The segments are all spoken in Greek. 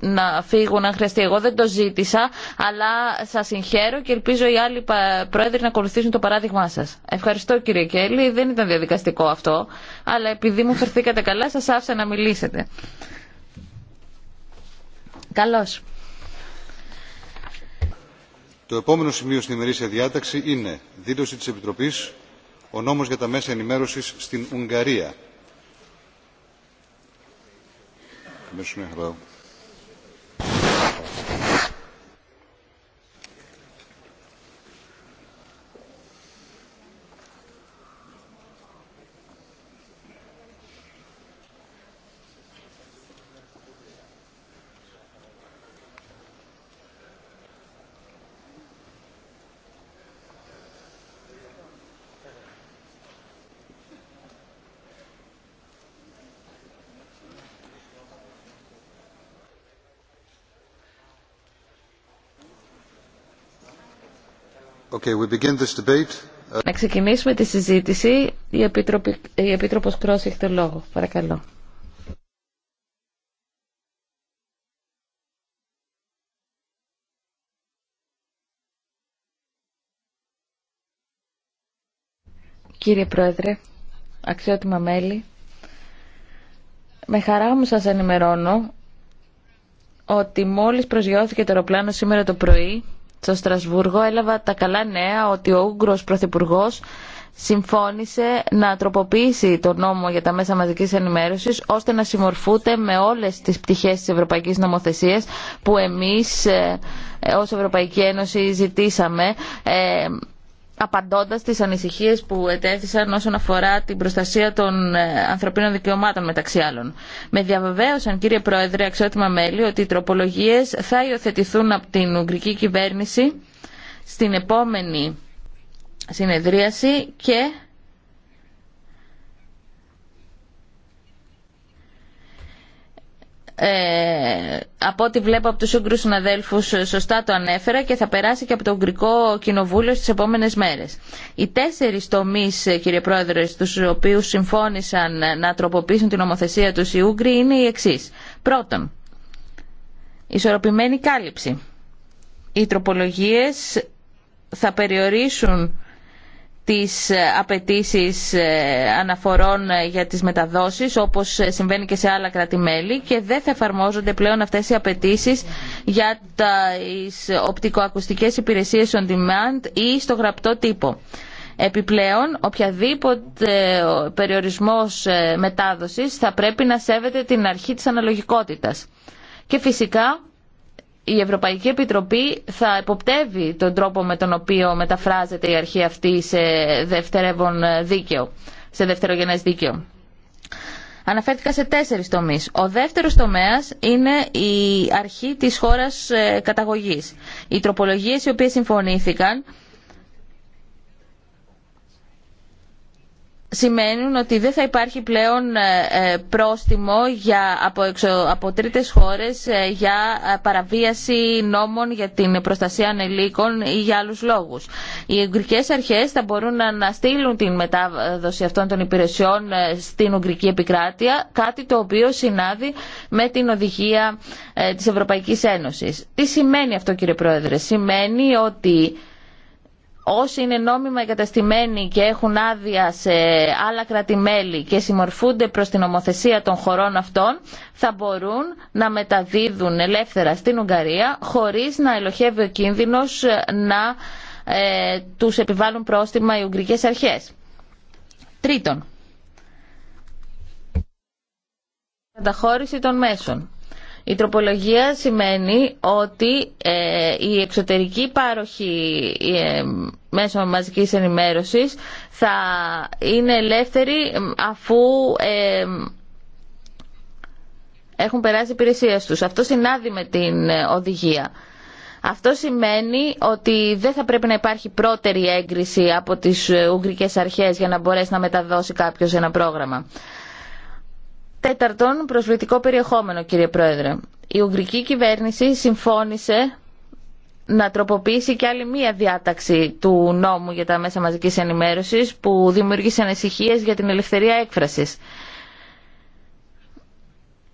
να φύγουν αν χρειαστεί. Εγώ δεν το ζήτησα, αλλά σας συγχαίρω και ελπίζω οι άλλοι πρόεδροι να ακολουθήσουν το παράδειγμά σας. Ευχαριστώ κύριε Κέλλη, δεν ήταν διαδικαστικό αυτό, αλλά επειδή μου φερθήκατε καλά σας άφησα να μιλήσετε. Καλώς. Το επόμενο σημείο στην ημερήσια διάταξη είναι δήλωση της Επιτροπή, ο νόμο για τα μέσα ενημέρωση στην Ουγγαρία. Να ξεκινήσουμε τη συζήτηση. Η, Επίτροπη, η Επίτροπος Κρός έχει το λόγο. Παρακαλώ. Κύριε Πρόεδρε, αξιότιμα μέλη, με χαρά μου σας ενημερώνω ότι μόλις προσγειώθηκε το αεροπλάνο σήμερα το πρωί στο Στρασβούργο έλαβα τα καλά νέα ότι ο Ούγγρος Πρωθυπουργό συμφώνησε να τροποποιήσει τον νόμο για τα μέσα μαζικής ενημέρωσης ώστε να συμμορφούνται με όλες τις πτυχές της ευρωπαϊκής νομοθεσίας που εμείς ε, ως Ευρωπαϊκή Ένωση ζητήσαμε ε, απαντώντας τις ανησυχίες που ετέθησαν όσον αφορά την προστασία των ε, ανθρωπίνων δικαιωμάτων μεταξύ άλλων. Με διαβεβαίωσαν κύριε Πρόεδρε, αξιότιμα μέλη, ότι οι τροπολογίες θα υιοθετηθούν από την Ουγγρική κυβέρνηση στην επόμενη συνεδρίαση και ε, από ό,τι βλέπω από τους Ούγγρους συναδέλφους ε, σωστά το ανέφερα και θα περάσει και από το Ουγγρικό Κοινοβούλιο στις επόμενες μέρες. Οι τέσσερις τομείς, ε, κύριε Πρόεδρε, στους οποίους συμφώνησαν ε, να τροποποιήσουν την ομοθεσία τους οι Ούγγροι είναι οι εξή. Πρώτον, ισορροπημένη κάλυψη. Οι τροπολογίες θα περιορίσουν τις απαιτήσει ε, αναφορών ε, για τις μεταδόσεις όπως ε, συμβαίνει και σε άλλα κράτη-μέλη και δεν θα εφαρμόζονται πλέον αυτές οι απαιτήσει για τις οπτικοακουστικές υπηρεσίες on demand ή στο γραπτό τύπο. Επιπλέον, οποιαδήποτε περιορισμός μετάδοσης θα πρέπει να σέβεται την αρχή της αναλογικότητας. Και φυσικά η Ευρωπαϊκή Επιτροπή θα εποπτεύει τον τρόπο με τον οποίο μεταφράζεται η αρχή αυτή σε δευτερεύον δίκαιο, σε δευτερογενές δίκαιο. Αναφέρθηκα σε τέσσερις τομείς. Ο δεύτερος τομέας είναι η αρχή της χώρας ε, καταγωγής. Οι τροπολογίες οι οποίες συμφωνήθηκαν σημαίνουν ότι δεν θα υπάρχει πλέον ε, ε, πρόστιμο για, από, εξω, από τρίτες χώρες ε, για παραβίαση νόμων για την προστασία ανελίκων ή για άλλους λόγους. Οι ουγγρικές αρχές θα μπορούν να αναστείλουν την μετάδοση αυτών των υπηρεσιών στην ουγγρική επικράτεια, κάτι το οποίο συνάδει με την οδηγία της Ευρωπαϊκής Ένωσης. Τι σημαίνει αυτό κύριε Πρόεδρε. Σημαίνει ότι όσοι είναι νόμιμα εγκαταστημένοι και έχουν άδεια σε άλλα κράτη-μέλη και συμμορφούνται προς την ομοθεσία των χωρών αυτών θα μπορούν να μεταδίδουν ελεύθερα στην Ουγγαρία χωρίς να ελοχεύει ο κίνδυνος να ε, τους επιβάλλουν πρόστιμα οι Ουγγρικές αρχές. Τρίτον, καταχώρηση των μέσων. Η τροπολογία σημαίνει ότι ε, η εξωτερική πάροχη ε, μέσω μαζικής ενημέρωσης θα είναι ελεύθερη αφού ε, έχουν περάσει υπηρεσία τους. Αυτό συνάδει με την ε, οδηγία. Αυτό σημαίνει ότι δεν θα πρέπει να υπάρχει πρώτερη έγκριση από τις Ουγγρικές Αρχές για να μπορέσει να μεταδώσει κάποιος ένα πρόγραμμα. Τέταρτον, προσβλητικό περιεχόμενο, κύριε Πρόεδρε. Η Ουγγρική κυβέρνηση συμφώνησε να τροποποιήσει και άλλη μία διάταξη του νόμου για τα μέσα μαζικής ενημέρωσης που δημιούργησε ανησυχίε για την ελευθερία έκφρασης.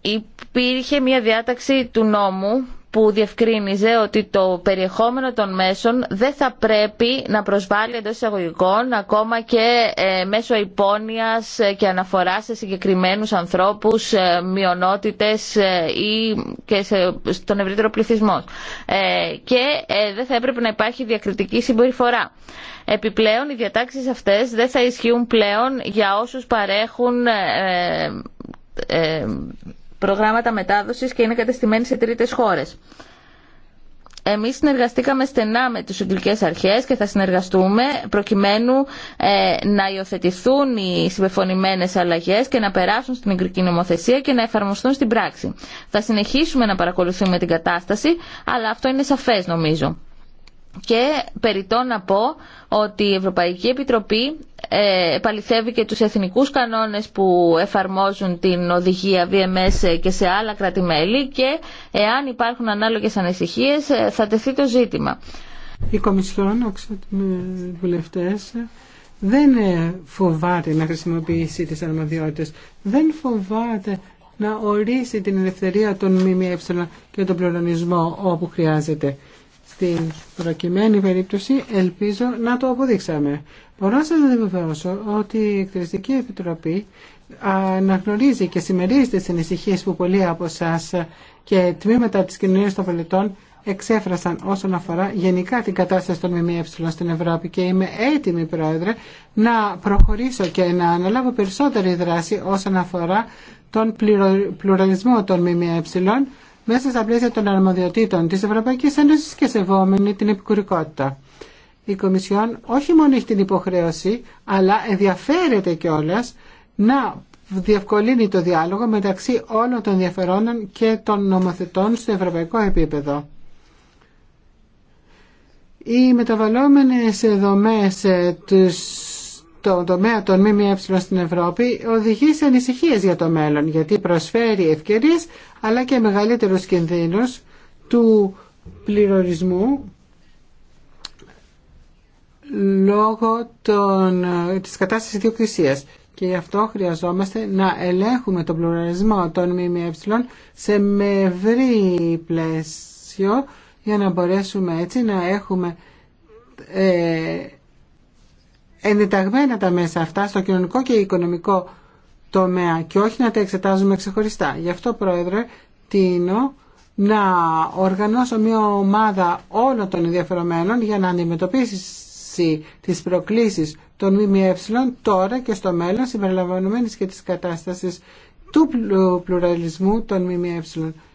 Υπήρχε μία διάταξη του νόμου που διευκρίνιζε ότι το περιεχόμενο των μέσων δεν θα πρέπει να προσβάλλει εντό εισαγωγικών ακόμα και ε, μέσω υπόνοιας ε, και αναφορά σε συγκεκριμένους ανθρώπους, ε, μειονότητες ή και στον ευρύτερο πληθυσμό. Και δεν θα έπρεπε να υπάρχει διακριτική συμπεριφορά. Επιπλέον, οι διατάξεις αυτές δεν θα ισχύουν πλέον για όσους παρέχουν προγράμματα μετάδοσης και είναι κατεστημένη σε τρίτες χώρες. Εμείς συνεργαστήκαμε στενά με τις Ουγγλικές Αρχές και θα συνεργαστούμε προκειμένου ε, να υιοθετηθούν οι συμπεφωνημένες αλλαγές και να περάσουν στην εγγλική νομοθεσία και να εφαρμοστούν στην πράξη. Θα συνεχίσουμε να παρακολουθούμε την κατάσταση, αλλά αυτό είναι σαφές νομίζω. Και περιττό να πω ότι η Ευρωπαϊκή Επιτροπή ε, επαληθεύει και τους εθνικούς κανόνες που εφαρμόζουν την οδηγία VMS και σε άλλα κράτη-μέλη και εάν υπάρχουν ανάλογες ανησυχίες ε, θα τεθεί το ζήτημα. Η Κομισιόν, με βουλευτές, δεν φοβάται να χρησιμοποιήσει τις αρμοδιότητες. Δεν φοβάται να ορίσει την ελευθερία των ΜΜΕ και τον πλουρανισμό όπου χρειάζεται. Στην προκειμένη περίπτωση ελπίζω να το αποδείξαμε. Μπορώ να σας διαβεβαιώσω ότι η Εκτελεστική Επιτροπή αναγνωρίζει και συμμερίζεται τις ανησυχίες που πολλοί από εσά και τμήματα της κοινωνίας των πολιτών εξέφρασαν όσον αφορά γενικά την κατάσταση των ΜΜΕ στην Ευρώπη και είμαι έτοιμη, Πρόεδρε, να προχωρήσω και να αναλάβω περισσότερη δράση όσον αφορά τον πλουραλισμό των ΜΜΕ μέσα στα πλαίσια των αρμοδιοτήτων της Ευρωπαϊκής Ένωσης και σεβόμενη την επικουρικότητα. Η Κομισιόν όχι μόνο έχει την υποχρέωση, αλλά ενδιαφέρεται κιόλα να διευκολύνει το διάλογο μεταξύ όλων των ενδιαφερόντων και των νομοθετών στο ευρωπαϊκό επίπεδο. Οι μεταβαλλόμενες δομές ε, της το τομέα των ΜΜΕ στην Ευρώπη οδηγεί σε ανησυχίες για το μέλλον γιατί προσφέρει ευκαιρίες αλλά και μεγαλύτερους κινδύνους του πληρορισμού λόγω των, της κατάστασης ιδιοκτησίας. Και γι' αυτό χρειαζόμαστε να ελέγχουμε τον πληρορισμό των ΜΜΕ σε μευρύ πλαίσιο για να μπορέσουμε έτσι να έχουμε ε, εντεταγμένα τα μέσα αυτά στο κοινωνικό και οικονομικό τομέα και όχι να τα εξετάζουμε ξεχωριστά. Γι' αυτό, Πρόεδρε, τίνω να οργανώσω μια ομάδα όλων των ενδιαφερομένων για να αντιμετωπίσει τις προκλήσεις των ΜΜΕ τώρα και στο μέλλον συμπεριλαμβανομένης και της κατάστασης του πλουραλισμού των ΜΜΕ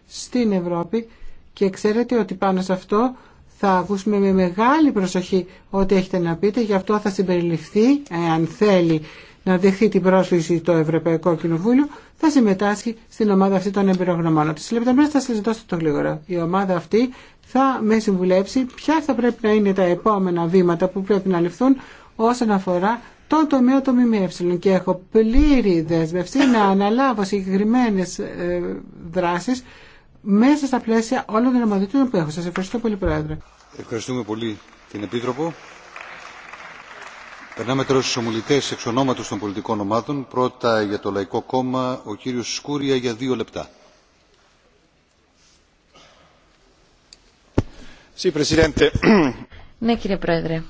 στην Ευρώπη και ξέρετε ότι πάνω σε αυτό θα ακούσουμε με μεγάλη προσοχή ό,τι έχετε να πείτε. Γι' αυτό θα συμπεριληφθεί, εάν θέλει να δεχθεί την πρόσκληση το Ευρωπαϊκό Κοινοβούλιο, θα συμμετάσχει στην ομάδα αυτή των εμπειρογνωμών. Τι λεπτομέρειε θα σα δώσω το γρήγορα. Η ομάδα αυτή θα με συμβουλέψει ποια θα πρέπει να είναι τα επόμενα βήματα που πρέπει να ληφθούν όσον αφορά τον τομέα των ΜΜΕ. Και έχω πλήρη δέσμευση να αναλάβω συγκεκριμένε ε, δράσεις μέσα στα πλαίσια όλων των ομαδιτών που έχω. Σα ευχαριστώ πολύ, Πρόεδρε. Ευχαριστούμε πολύ την Επίτροπο. Περνάμε τώρα στους ομιλητές εξ ονόματος των πολιτικών ομάδων. Πρώτα για το Λαϊκό Κόμμα, ο κύριος Σκούρια για δύο λεπτά. Ναι κύριε Πρόεδρε,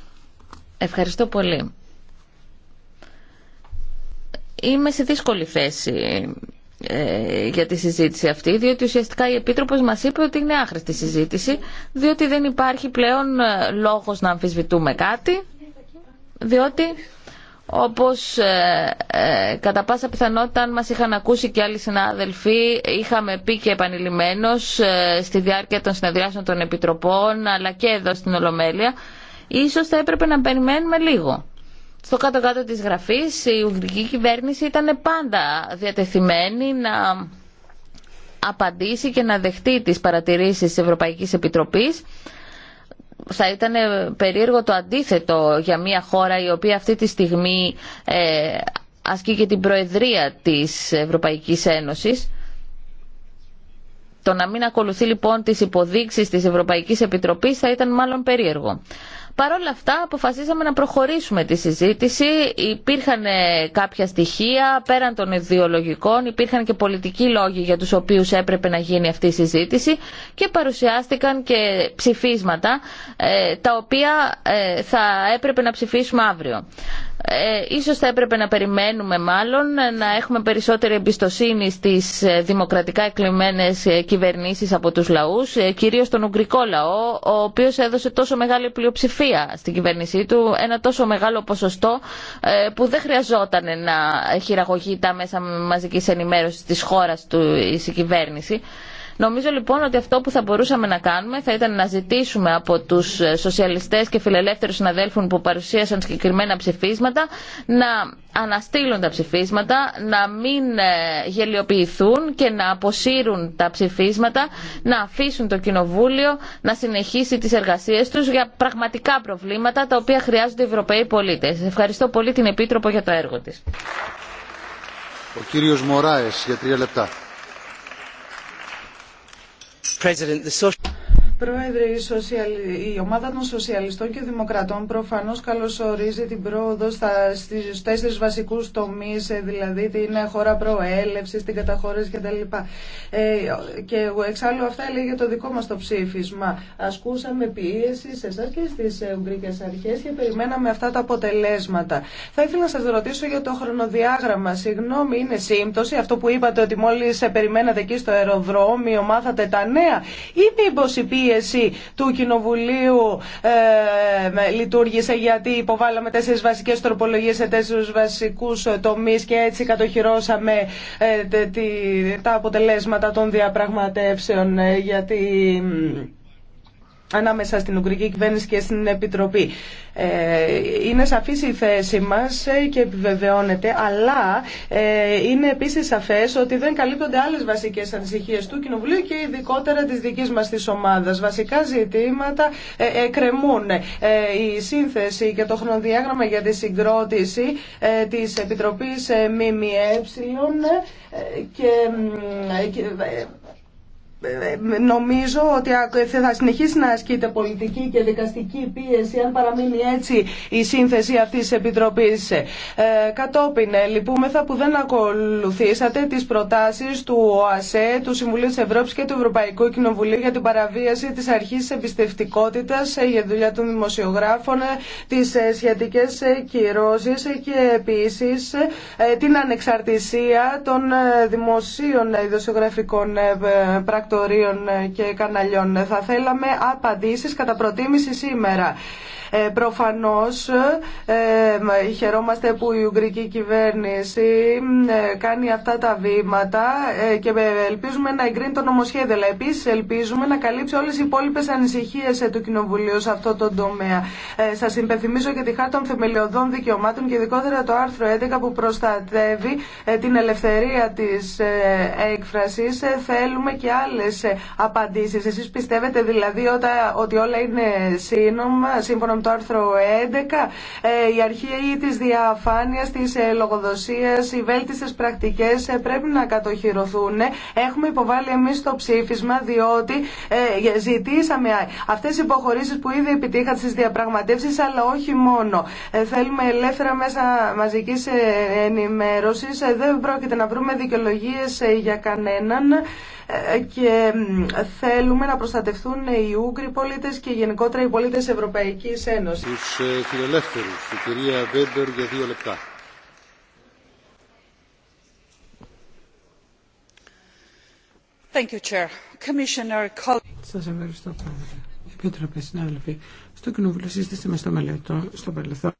ευχαριστώ πολύ. Είμαι σε δύσκολη θέση ε, για τη συζήτηση αυτή, διότι ουσιαστικά η Επίτροπος μας είπε ότι είναι άχρηστη συζήτηση, διότι δεν υπάρχει πλέον ε, λόγος να αμφισβητούμε κάτι, διότι όπως ε, κατά πάσα πιθανότητα αν μας είχαν ακούσει και άλλοι συνάδελφοι είχαμε πει και επανειλημμένως στη διάρκεια των συνεδριάσεων των Επιτροπών αλλά και εδώ στην Ολομέλεια ίσως θα έπρεπε να περιμένουμε λίγο. Στο κάτω-κάτω της γραφής η Ουγγρική κυβέρνηση ήταν πάντα διατεθειμένη να απαντήσει και να δεχτεί τις παρατηρήσεις της Ευρωπαϊκής Επιτροπής. Θα ήταν περίεργο το αντίθετο για μια χώρα η οποία αυτή τη στιγμή ε, ασκεί και την Προεδρία της Ευρωπαϊκής Ένωσης. Το να μην ακολουθεί λοιπόν τις υποδείξεις της Ευρωπαϊκής Επιτροπής θα ήταν μάλλον περίεργο. Παρ' όλα αυτά αποφασίσαμε να προχωρήσουμε τη συζήτηση. Υπήρχαν ε, κάποια στοιχεία πέραν των ιδεολογικών, υπήρχαν και πολιτικοί λόγοι για τους οποίους έπρεπε να γίνει αυτή η συζήτηση και παρουσιάστηκαν και ψηφίσματα ε, τα οποία ε, θα έπρεπε να ψηφίσουμε αύριο. Ε, ίσως θα έπρεπε να περιμένουμε μάλλον να έχουμε περισσότερη εμπιστοσύνη στις ε, δημοκρατικά εκλεγμένες ε, κυβερνήσεις από τους λαούς, ε, κυρίως τον Ουγγρικό λαό, ο οποίος έδωσε τόσο μεγάλη πλειοψηφία στην κυβέρνησή του, ένα τόσο μεγάλο ποσοστό που δεν χρειαζόταν να χειραγωγεί τα μέσα μαζικής ενημέρωσης της χώρας του η Νομίζω λοιπόν ότι αυτό που θα μπορούσαμε να κάνουμε θα ήταν να ζητήσουμε από του ε, σοσιαλιστέ και φιλελεύθερου συναδέλφων που παρουσίασαν συγκεκριμένα ψηφίσματα να αναστείλουν τα ψηφίσματα, να μην ε, γελιοποιηθούν και να αποσύρουν τα ψηφίσματα, να αφήσουν το Κοινοβούλιο να συνεχίσει τι εργασίε του για πραγματικά προβλήματα τα οποία χρειάζονται οι Ευρωπαίοι πολίτε. Ευχαριστώ πολύ την Επίτροπο για το έργο τη. Ο κύριος Μωράες για τρία λεπτά president the social Πρόεδρε, η ομάδα των Σοσιαλιστών και Δημοκρατών προφανώς καλωσορίζει την πρόοδο στις τέσσερι βασικούς τομείς ε, δηλαδή την χώρα προέλευση, την καταχώρηση κτλ. Και ε, εξάλλου αυτά έλεγε το δικό μας το ψήφισμα. Ασκούσαμε πίεση σε εσά και στι ε, Ουγγρικές Αρχέ και περιμέναμε αυτά τα αποτελέσματα. Θα ήθελα να σα ρωτήσω για το χρονοδιάγραμμα. Συγγνώμη, είναι σύμπτωση αυτό που είπατε ότι μόλι περιμένατε εκεί στο αεροδρόμιο, μάθατε τα νέα, ή μήπω η πίεση του Κοινοβουλίου ε, λειτουργήσε γιατί υποβάλαμε τέσσερις βασικές τροπολογίες σε τέσσερις βασικούς ε, τομείς και έτσι κατοχυρώσαμε ε, τα αποτελέσματα των διαπραγματεύσεων ε, γιατί ανάμεσα στην Ουγγρική Κυβέρνηση και στην Επιτροπή. Ε, είναι σαφής η θέση μας ε, και επιβεβαιώνεται, αλλά ε, είναι επίσης σαφές ότι δεν καλύπτονται άλλες βασικές ανησυχίες του Κοινοβουλίου και ειδικότερα της δικής μας της ομάδας. Βασικά ζητήματα εκκρεμούν. η σύνθεση και το χρονοδιάγραμμα για τη συγκρότηση της Επιτροπής ΜΜΕ και νομίζω ότι θα συνεχίσει να ασκείται πολιτική και δικαστική πίεση αν παραμείνει έτσι η σύνθεση αυτής της Επιτροπής. Ε, κατόπιν, ε, λυπούμεθα που δεν ακολουθήσατε τις προτάσεις του ΟΑΣΕ, του Συμβουλίου της Ευρώπης και του Ευρωπαϊκού Κοινοβουλίου για την παραβίαση της αρχής της εμπιστευτικότητας ε, για δουλειά των δημοσιογράφων, ε, τις σχετικές κυρώσεις και επίσης την ανεξαρτησία των δημοσίων ειδοσιογραφικών πρακτικών πρακτορείων ε, και καναλιών. Θα θέλαμε απαντήσεις κατά προτίμηση σήμερα. Ε, προφανώς ε, χαιρόμαστε που η Ουγγρική κυβέρνηση ε, κάνει αυτά τα βήματα και ελπίζουμε να εγκρίνει το νομοσχέδιο. Αλλά επίσης ελπίζουμε να καλύψει όλες οι υπόλοιπες ανησυχίες του Κοινοβουλίου σε αυτό το τομέα. Σα υπενθυμίζω και τη χάρτα των θεμελιωδών δικαιωμάτων και ειδικότερα το άρθρο 11 που προστατεύει την ελευθερία της έκφρασης. Θέλουμε και άλλες απαντήσεις. Εσείς πιστεύετε δηλαδή ότι όλα είναι σύνομα, σύμφωνα Λοιπόν το άρθρο 11, ε, η αρχή της διαφάνειας, της ε, λογοδοσίας, οι βέλτιστες πρακτικές ε, πρέπει να κατοχυρωθούν. Έχουμε υποβάλει εμείς το ψήφισμα διότι ζητήσαμε αυτές οι υποχωρήσεις που ήδη επιτύχατε στις διαπραγματεύσεις αλλά όχι μόνο. Θέλουμε ελεύθερα μέσα μαζικής ενημέρωσης. Δεν πρόκειται να βρούμε δικαιολογίε για κανέναν και θέλουμε να προστατευτούν οι Ούγγροι πολίτες και γενικότερα οι πολίτες Ευρωπαϊκής Ένωσης. Τους ε, φιλελεύθερους, η κυρία Βέμπερ για δύο λεπτά. Thank you, Chair. Commissioner... Σας ευχαριστώ Επίτροπε, συνάδελφοι, στο Κοινοβούλιο συζητήσαμε στο, μελετό, στο παρελθόν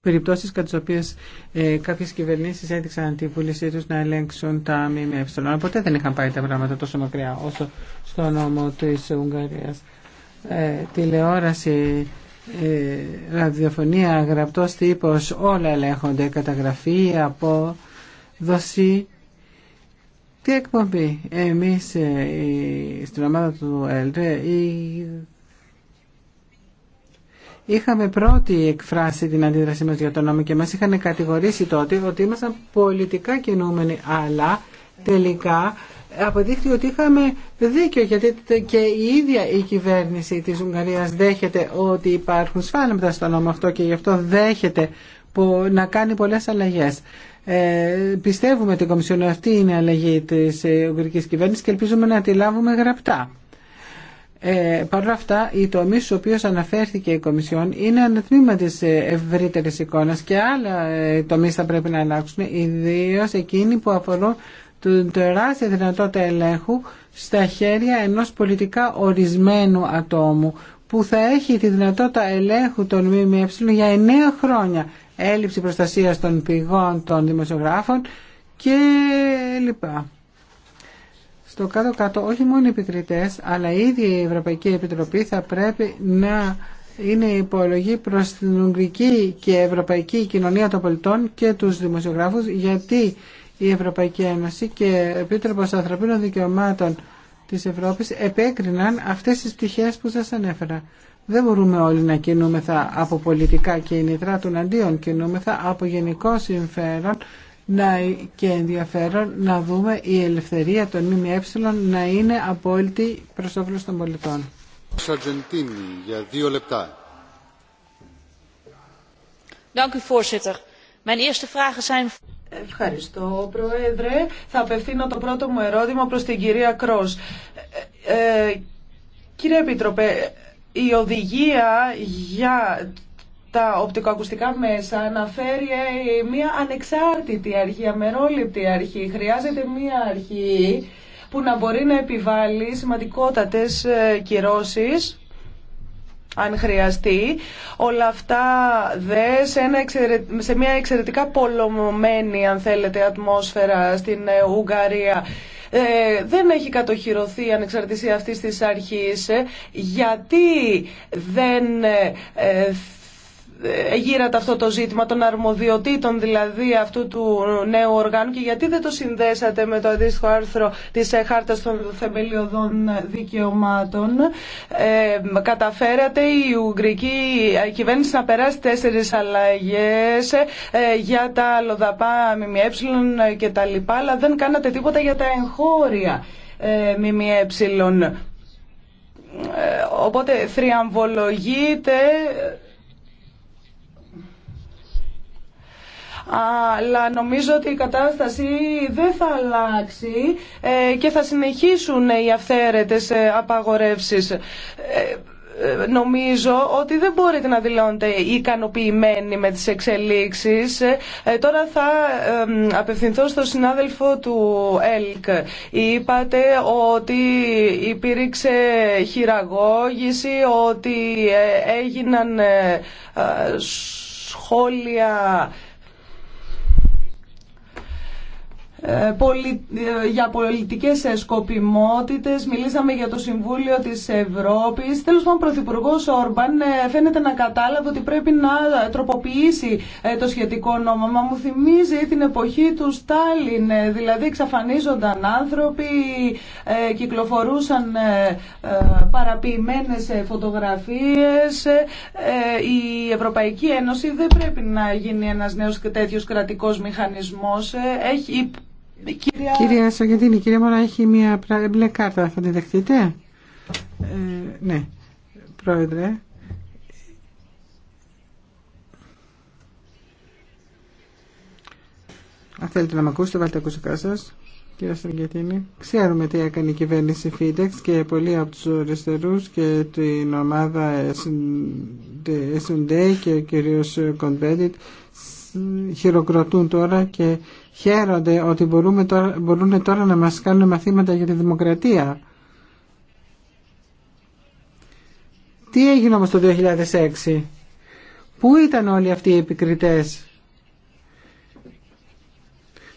περιπτώσεις κατά τις οποίες ε, κάποιες κυβερνήσεις έδειξαν την βούλησή τους να ελέγξουν τα ΜΜΕ. Ποτέ δεν είχαν πάει τα πράγματα τόσο μακριά όσο στο νόμο της Ουγγαρίας. Ε, τηλεόραση, ε, ραδιοφωνία, γραπτός τύπος, όλα ελέγχονται, καταγραφή, από δοσή. Τι εκπομπή εμείς ε, στην ομάδα του Ε. είχαμε πρώτη εκφράσει την αντίδρασή μας για το νόμο και μας είχαν κατηγορήσει τότε ότι ήμασταν πολιτικά κινούμενοι αλλά τελικά αποδείχθηκε ότι είχαμε δίκιο γιατί και η ίδια η κυβέρνηση της Ουγγαρίας δέχεται ότι υπάρχουν σφάλματα στο νόμο αυτό και γι' αυτό δέχεται να κάνει πολλές αλλαγές. Ε, πιστεύουμε την Κομισιόν αυτή είναι η αλλαγή της ε, Ουγγρικής κυβέρνησης και ελπίζουμε να τη λάβουμε γραπτά. Ε, Παρ' όλα αυτά, οι τομεί στου οποίου αναφέρθηκε η Κομισιόν είναι ένα τμήμα τη ε, ευρύτερη εικόνα και άλλα ε, τομεί θα πρέπει να αλλάξουν, ιδίω εκείνοι που αφορούν την τεράστια δυνατότητα ελέγχου στα χέρια ενός πολιτικά ορισμένου ατόμου που θα έχει τη δυνατότητα ελέγχου των ΜΜΕ για εννέα χρόνια έλλειψη προστασίας των πηγών των δημοσιογράφων και λοιπά. Στο κάτω-κάτω όχι μόνο οι επικριτές αλλά η ίδια η Ευρωπαϊκή Επιτροπή θα πρέπει να είναι υπολογή προς την Ουγγρική και Ευρωπαϊκή Κοινωνία των Πολιτών και τους δημοσιογράφους γιατί η Ευρωπαϊκή Ένωση και ο Επίτροπος Ανθρωπίνων Δικαιωμάτων της Ευρώπης επέκριναν αυτές τις πτυχές που σας ανέφερα. Δεν μπορούμε όλοι να κινούμεθα από πολιτικά κίνητρα των αντίον κινούμεθα από γενικό συμφέρον να, και ενδιαφέρον να δούμε η ελευθερία των ΜΜΕ να είναι απόλυτη προς όφελος των πολιτών. για λεπτά. Dank u voorzitter. Mijn eerste vragen zijn Ευχαριστώ, Πρόεδρε. Θα απευθύνω το πρώτο μου ερώτημα προς την κυρία Κρός. Ε, ε κύριε Επίτροπε, η οδηγία για τα οπτικοακουστικά μέσα αναφέρει ε, μια ανεξάρτητη αρχή, αμερόληπτη αρχή. Χρειάζεται μια αρχή που να μπορεί να επιβάλλει σημαντικότατες ε, κυρώσεις αν χρειαστεί. Όλα αυτά δε σε, μια εξαιρετικά πολλωμένη, αν θέλετε, ατμόσφαιρα στην ε, Ουγγαρία. Ε, δεν έχει κατοχυρωθεί η ανεξαρτησία αυτής της αρχής. Ε, γιατί δεν Γύρατε αυτό το ζήτημα των αρμοδιοτήτων δηλαδή αυτού του νέου οργάνου και γιατί δεν το συνδέσατε με το αντίστοιχο άρθρο της ε, Χάρτας των Θεμελιωδών Δικαιωμάτων. Ε, καταφέρατε η Ουγγρική ε, κυβέρνηση να περάσει τέσσερις αλλαγές για τα λοδαπά ΜΜΕ και τα λοιπά, αλλά δεν κάνατε τίποτα για τα εγχώρια ε, ΜΜΕ. Οπότε θριαμβολογείτε αλλά νομίζω ότι η κατάσταση δεν θα αλλάξει ε, και θα συνεχίσουν οι αυθαίρετες ε, απαγορεύσεις. Ε, νομίζω ότι δεν μπορείτε να δηλώνετε ικανοποιημένοι με τις εξελίξεις. Τώρα θα απευθυνθώ στο συνάδελφο του ΕΛΚ. Είπατε ότι υπήρξε χειραγώγηση, ότι έγιναν σχόλια Ε, ε, για πολιτικές ε, σκοπιμότητες, μιλήσαμε για το Συμβούλιο της Ευρώπης. Τέλος πάντων, ο Πρωθυπουργό Όρμπαν φαίνεται να κατάλαβε ότι πρέπει να τροποποιήσει το σχετικό νόμο. Μα μου θυμίζει την εποχή του Στάλιν, δηλαδή εξαφανίζονταν άνθρωποι, κυκλοφορούσαν παραποιημένες φωτογραφίες. Η Ευρωπαϊκή Ένωση δεν πρέπει να γίνει ένας νέος τέτοιος κρατικός μηχανισμός. Κυρία, κυρία Κύριε, κυρία Μωρά έχει μια μπλε κάρτα, θα τη δεχτείτε. Ε, ναι, πρόεδρε. Αν θέλετε να με ακούσετε, βάλτε ακούσικά σα. Κύριε Στρογγετίνη, ξέρουμε τι έκανε η κυβέρνηση Φίντεξ και πολλοί από τους αριστερού και την ομάδα S&D και ο κύριος Κοντβέντιτ χειροκροτούν τώρα και χαίρονται ότι μπορούμε τώρα, μπορούν τώρα να μας κάνουν μαθήματα για τη δημοκρατία. Τι έγινε όμως το 2006. Πού ήταν όλοι αυτοί οι επικριτές.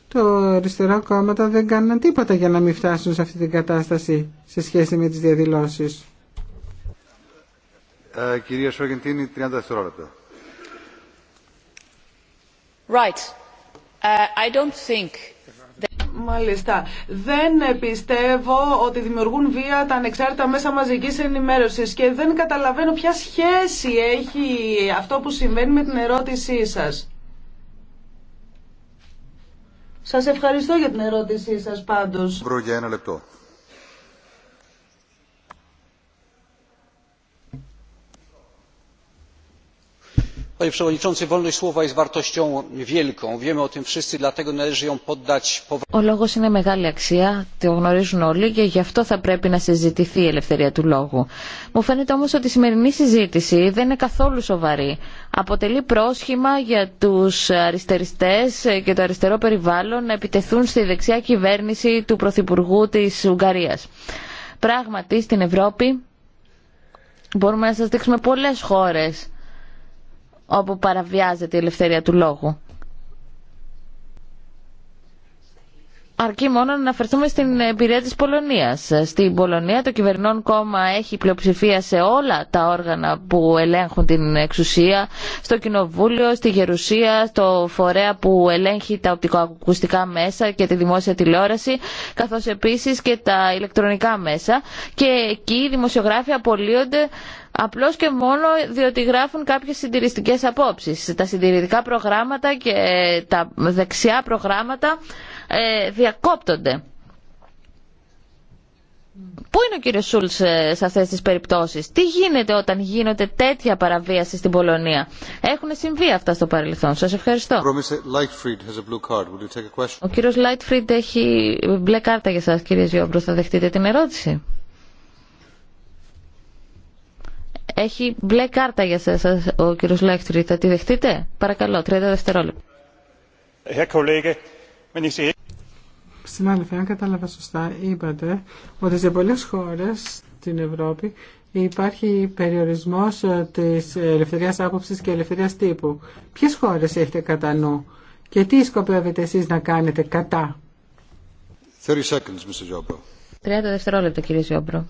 Το αριστερό κόμματα δεν κάναν τίποτα για να μην φτάσουν σε αυτή την κατάσταση σε σχέση με τις διαδηλώσεις. Ε, κυρία Σογεντίνη, 30 δευτερόλεπτα. Uh, δεν πιστεύω ότι δημιουργούν βία τα ανεξάρτητα μέσα μαζικής ενημέρωσης και δεν καταλαβαίνω ποια σχέση έχει αυτό που συμβαίνει με την ερώτησή σας. Σας ευχαριστώ για την ερώτησή σας πάντως. για ένα λεπτό. ο λόγος είναι μεγάλη αξία το γνωρίζουν όλοι και γι' αυτό θα πρέπει να συζητηθεί η ελευθερία του λόγου. μου φαίνεται όμως ότι η σημερινή συζήτηση δεν είναι καθόλου σοβαρή. αποτελεί πρόσχημα για τους αριστεριστές και το αριστερό περιβάλλον να επιτεθούν στη δεξιά κυβέρνηση του πρωθυπουργού της ουγγαρίας. πράγματι στην ευρώπη μπορούμε να σας δείξουμε πολλές χώρες όπου παραβιάζεται η ελευθερία του λόγου. Αρκεί μόνο να αναφερθούμε στην εμπειρία της Πολωνίας. Στην Πολωνία το κυβερνών κόμμα έχει πλειοψηφία σε όλα τα όργανα που ελέγχουν την εξουσία, στο Κοινοβούλιο, στη Γερουσία, στο φορέα που ελέγχει τα οπτικοακουστικά μέσα και τη δημόσια τηλεόραση, καθώς επίσης και τα ηλεκτρονικά μέσα. Και εκεί οι δημοσιογράφοι απολύονται απλώς και μόνο διότι γράφουν κάποιες συντηρητικές απόψεις. Τα συντηρητικά προγράμματα και τα δεξιά προγράμματα ε, διακόπτονται. Πού είναι ο κύριος Σούλς ε, σε αυτές τις περιπτώσεις. Τι γίνεται όταν γίνονται τέτοια παραβίαση στην Πολωνία. Έχουν συμβεί αυτά στο παρελθόν. Σας ευχαριστώ. Ο κύριος Λάιτφριντ έχει μπλε κάρτα για σας κύριε Ζιόμπρο. Θα δεχτείτε την ερώτηση. Έχει μπλε κάρτα για σας ο κύριος Λέχτρη. Θα τη δεχτείτε. Παρακαλώ, 30 δευτερόλεπτα. Συνάδελφε, αν κατάλαβα σωστά, είπατε ότι σε πολλές χώρες στην Ευρώπη υπάρχει περιορισμός ε, της ελευθερίας άποψης και ελευθερίας τύπου. Ποιες χώρες έχετε κατά νου και τι σκοπεύετε εσείς να κάνετε κατά. 30, 30 δευτερόλεπτα κύριε Ζιόμπρο.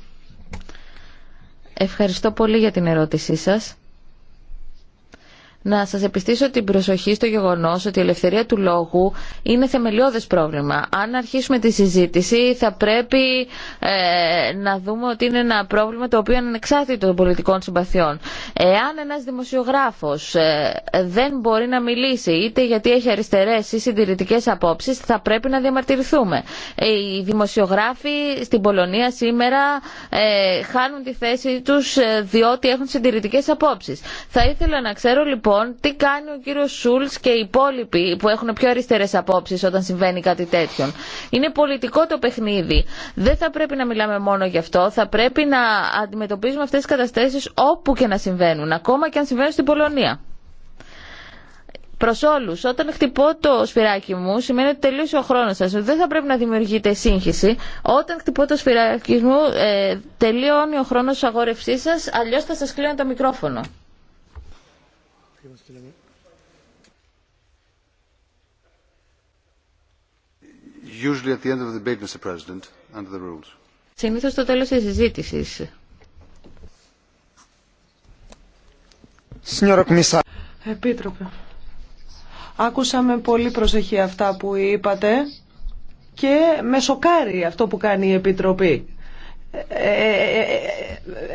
Ευχαριστώ πολύ για την ερώτησή σας να σας επιστήσω την προσοχή στο γεγονός ότι η ελευθερία του λόγου είναι θεμελιώδες πρόβλημα. Αν αρχίσουμε τη συζήτηση θα πρέπει ε, να δούμε ότι είναι ένα πρόβλημα το οποίο είναι εξάρτητο των πολιτικών συμπαθειών. Εάν ένας δημοσιογράφος ε, δεν μπορεί να μιλήσει είτε γιατί έχει αριστερές ή συντηρητικές απόψεις θα πρέπει να διαμαρτυρηθούμε. Ε, οι δημοσιογράφοι στην Πολωνία σήμερα ε, χάνουν τη θέση τους διότι έχουν συντηρητικές απόψεις. Θα ήθελα να ξέρω λοιπόν Λοιπόν, τι κάνει ο κύριος Σούλτς και οι υπόλοιποι που έχουν πιο αριστερές απόψεις όταν συμβαίνει κάτι τέτοιο. Είναι πολιτικό το παιχνίδι. Δεν θα πρέπει να μιλάμε μόνο γι' αυτό. Θα πρέπει να αντιμετωπίζουμε αυτές τις καταστάσεις όπου και να συμβαίνουν. Ακόμα και αν συμβαίνουν στην Πολωνία. Προ όλου, όταν χτυπώ το σφυράκι μου, σημαίνει ότι τελείωσε ο χρόνο σα. Δεν θα πρέπει να δημιουργείτε σύγχυση. Όταν χτυπώ το σφυράκι μου, ε, τελειώνει ο χρόνο αγόρευσή σα, αλλιώ θα σα κλείνω το μικρόφωνο. Usually Συνήθως στο τέλος της συζήτησης. Επίτροπε, άκουσα με πολύ προσοχή αυτά που είπατε και με σοκάρει αυτό που κάνει η Επιτροπή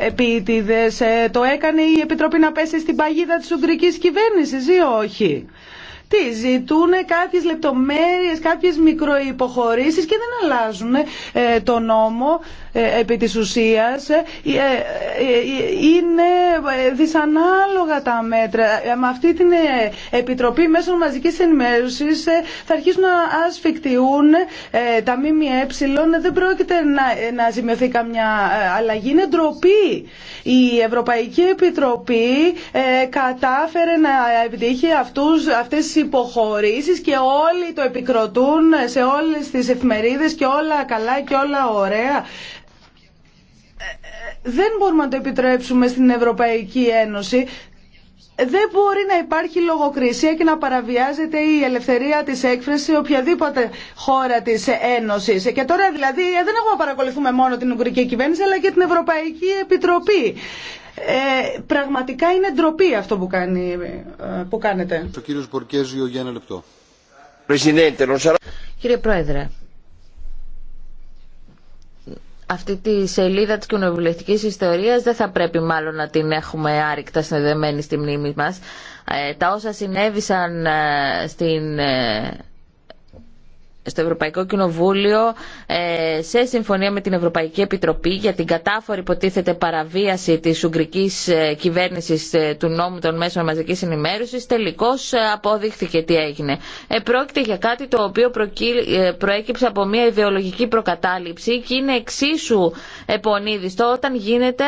επίτηδες ε, το έκανε η Επιτροπή να πέσει στην παγίδα της Ουγγρικής κυβέρνησης ή όχι. Τι ζητούν κάποιε λεπτομέρειε, κάποιε μικροϋποχωρήσεις και δεν αλλάζουν ε, το νόμο ε, επί τη ουσία. Ε, ε, είναι δυσανάλογα τα μέτρα. Με αυτή την Επιτροπή Μέσων Μαζικής Ενημέρωσης θα αρχίσουν να ασφικτιούν τα ΜΜΕ. Δεν πρόκειται να, να ζημιωθεί καμιά αλλαγή. Είναι ντροπή. Η Ευρωπαϊκή Επιτροπή κατάφερε να επιτύχει αυτούς, αυτές τις υποχωρήσεις και όλοι το επικροτούν σε όλες τις εφημερίδες και όλα καλά και όλα ωραία. Δεν μπορούμε να το επιτρέψουμε στην Ευρωπαϊκή Ένωση. Δεν μπορεί να υπάρχει λογοκρισία και να παραβιάζεται η ελευθερία τη έκφραση σε οποιαδήποτε χώρα τη Ένωση. Και τώρα δηλαδή δεν έχουμε να παρακολουθούμε μόνο την Ουγγρική κυβέρνηση αλλά και την Ευρωπαϊκή Επιτροπή. Ε, πραγματικά είναι ντροπή αυτό που, ε, που κάνετε. Ο κύριος για ένα λεπτό. Κύριε Πρόεδρε, αυτή τη σελίδα της κοινοβουλευτική ιστορίας δεν θα πρέπει μάλλον να την έχουμε άρρηκτα συνδεδεμένη στη μνήμη μας. Ε, τα όσα συνέβησαν ε, στην στο Ευρωπαϊκό Κοινοβούλιο ε, σε συμφωνία με την Ευρωπαϊκή Επιτροπή για την κατάφορη υποτίθεται παραβίαση της Ουγγρικής ε, κυβέρνησης ε, του νόμου των μέσων μαζικής ενημέρωσης τελικώς αποδείχθηκε τι έγινε. Πρόκειται για κάτι το οποίο προέκυψε από μια ιδεολογική προκατάληψη και είναι εξίσου επονίδιστο όταν γίνεται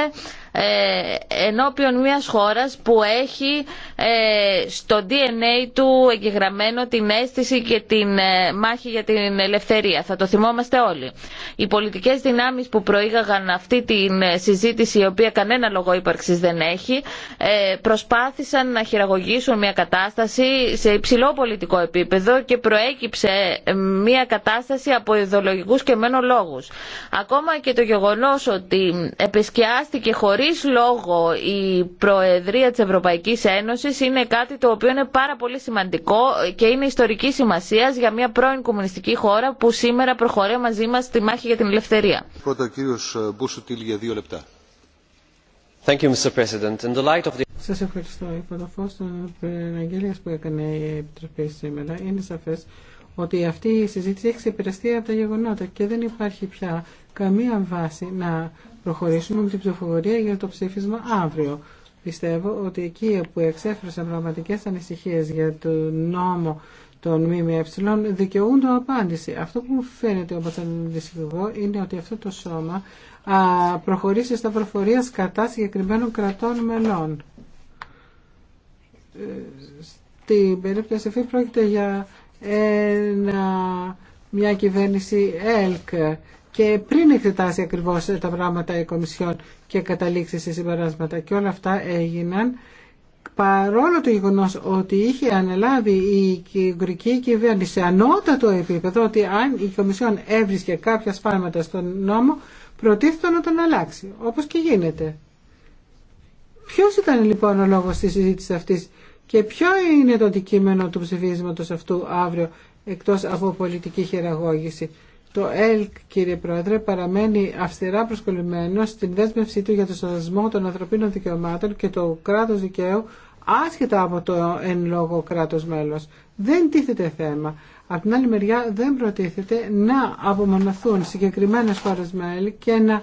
ε, ενώπιον μιας χώρας που έχει ε, στο DNA του εγγεγραμμένο την αίσθηση και την ε, μάχη για την ελευθερία. Θα το θυμόμαστε όλοι. Οι πολιτικές δυνάμεις που προήγαγαν αυτή τη συζήτηση η οποία κανένα λόγο ύπαρξης δεν έχει προσπάθησαν να χειραγωγήσουν μια κατάσταση σε υψηλό πολιτικό επίπεδο και προέκυψε μια κατάσταση από ιδεολογικούς και μένω λόγους. Ακόμα και το γεγονός ότι επισκιάστηκε σαφής λόγο η Προεδρία της Ευρωπαϊκής Ένωσης είναι κάτι το οποίο είναι πάρα πολύ σημαντικό και είναι ιστορική σημασία για μια πρώην κομμουνιστική χώρα που σήμερα προχωρεί μαζί μας στη μάχη για την ελευθερία. Πρώτα ο κύριος Μπούσουτιλ για δύο λεπτά. Σας ευχαριστώ. Υπό το φως των αγγέλειας που έκανε η Επιτροπή σήμερα είναι σαφές ότι αυτή η συζήτηση έχει ξεπεραστεί από τα γεγονότα και δεν υπάρχει πια καμία βάση να προχωρήσουμε με την ψηφοφορία για το ψήφισμα αύριο. Πιστεύω ότι εκεί που εξέφρασαν πραγματικές ανησυχίες για το νόμο των ΜΜΕ δικαιούνται απάντηση. Αυτό που μου φαίνεται όπως ανησυχώ είναι ότι αυτό το σώμα προχωρήσει στα προφορία κατά συγκεκριμένων κρατών μελών. Ε, στην περίπτωση αυτή πρόκειται για μια κυβέρνηση ΕΛΚ και πριν εξετάσει ακριβώς τα πράγματα η Κομισιόν και καταλήξει σε συμπεράσματα. Και όλα αυτά έγιναν παρόλο το γεγονός ότι είχε αναλάβει η γκρική κυβέρνηση σε ανώτατο επίπεδο ότι αν η Κομισιόν έβρισκε κάποια σφάλματα στον νόμο προτίθεται να τον αλλάξει, όπως και γίνεται. Ποιος ήταν λοιπόν ο λόγος της συζήτηση αυτής και ποιο είναι το αντικείμενο του ψηφίσματος αυτού αύριο εκτός από πολιτική χειραγώγηση. Το ΕΛΚ, κύριε Πρόεδρε, παραμένει αυστηρά προσκολλημένο στην δέσμευσή του για το σεβασμό των ανθρωπίνων δικαιωμάτων και το κράτος δικαίου άσχετα από το εν λόγω κράτος μέλος. Δεν τίθεται θέμα. Από την άλλη μεριά δεν προτίθεται να απομονωθούν συγκεκριμένες χώρε μέλη και να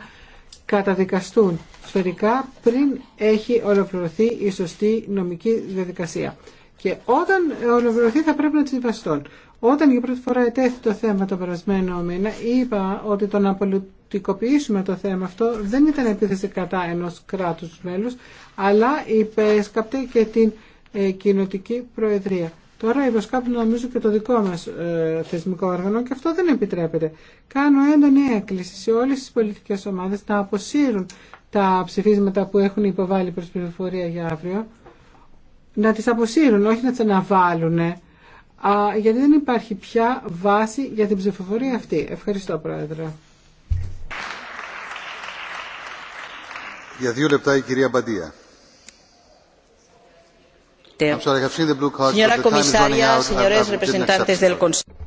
καταδικαστούν σφαιρικά πριν έχει ολοκληρωθεί η σωστή νομική διαδικασία. Και όταν ολοκληρωθεί θα πρέπει να τις διβαστούν. Όταν για πρώτη φορά ετέθη το θέμα το περασμένο μήνα, είπα ότι το να πολιτικοποιήσουμε το θέμα αυτό δεν ήταν επίθεση κατά ενό κράτου μέλους, αλλά υπέσκαπτε και την ε, κοινοτική προεδρία. Τώρα υποσκάπτουν νομίζω και το δικό μα ε, θεσμικό όργανο και αυτό δεν επιτρέπεται. Κάνω έντονη έκκληση σε όλε τι πολιτικέ ομάδε να αποσύρουν τα ψηφίσματα που έχουν υποβάλει προς πληροφορία για αύριο, να τι αποσύρουν, όχι να τι αναβάλουν γιατί δεν υπάρχει πια βάση για την ψηφοφορία αυτή. Ευχαριστώ, Πρόεδρε. Για δύο λεπτά η κυρία Μπαντία.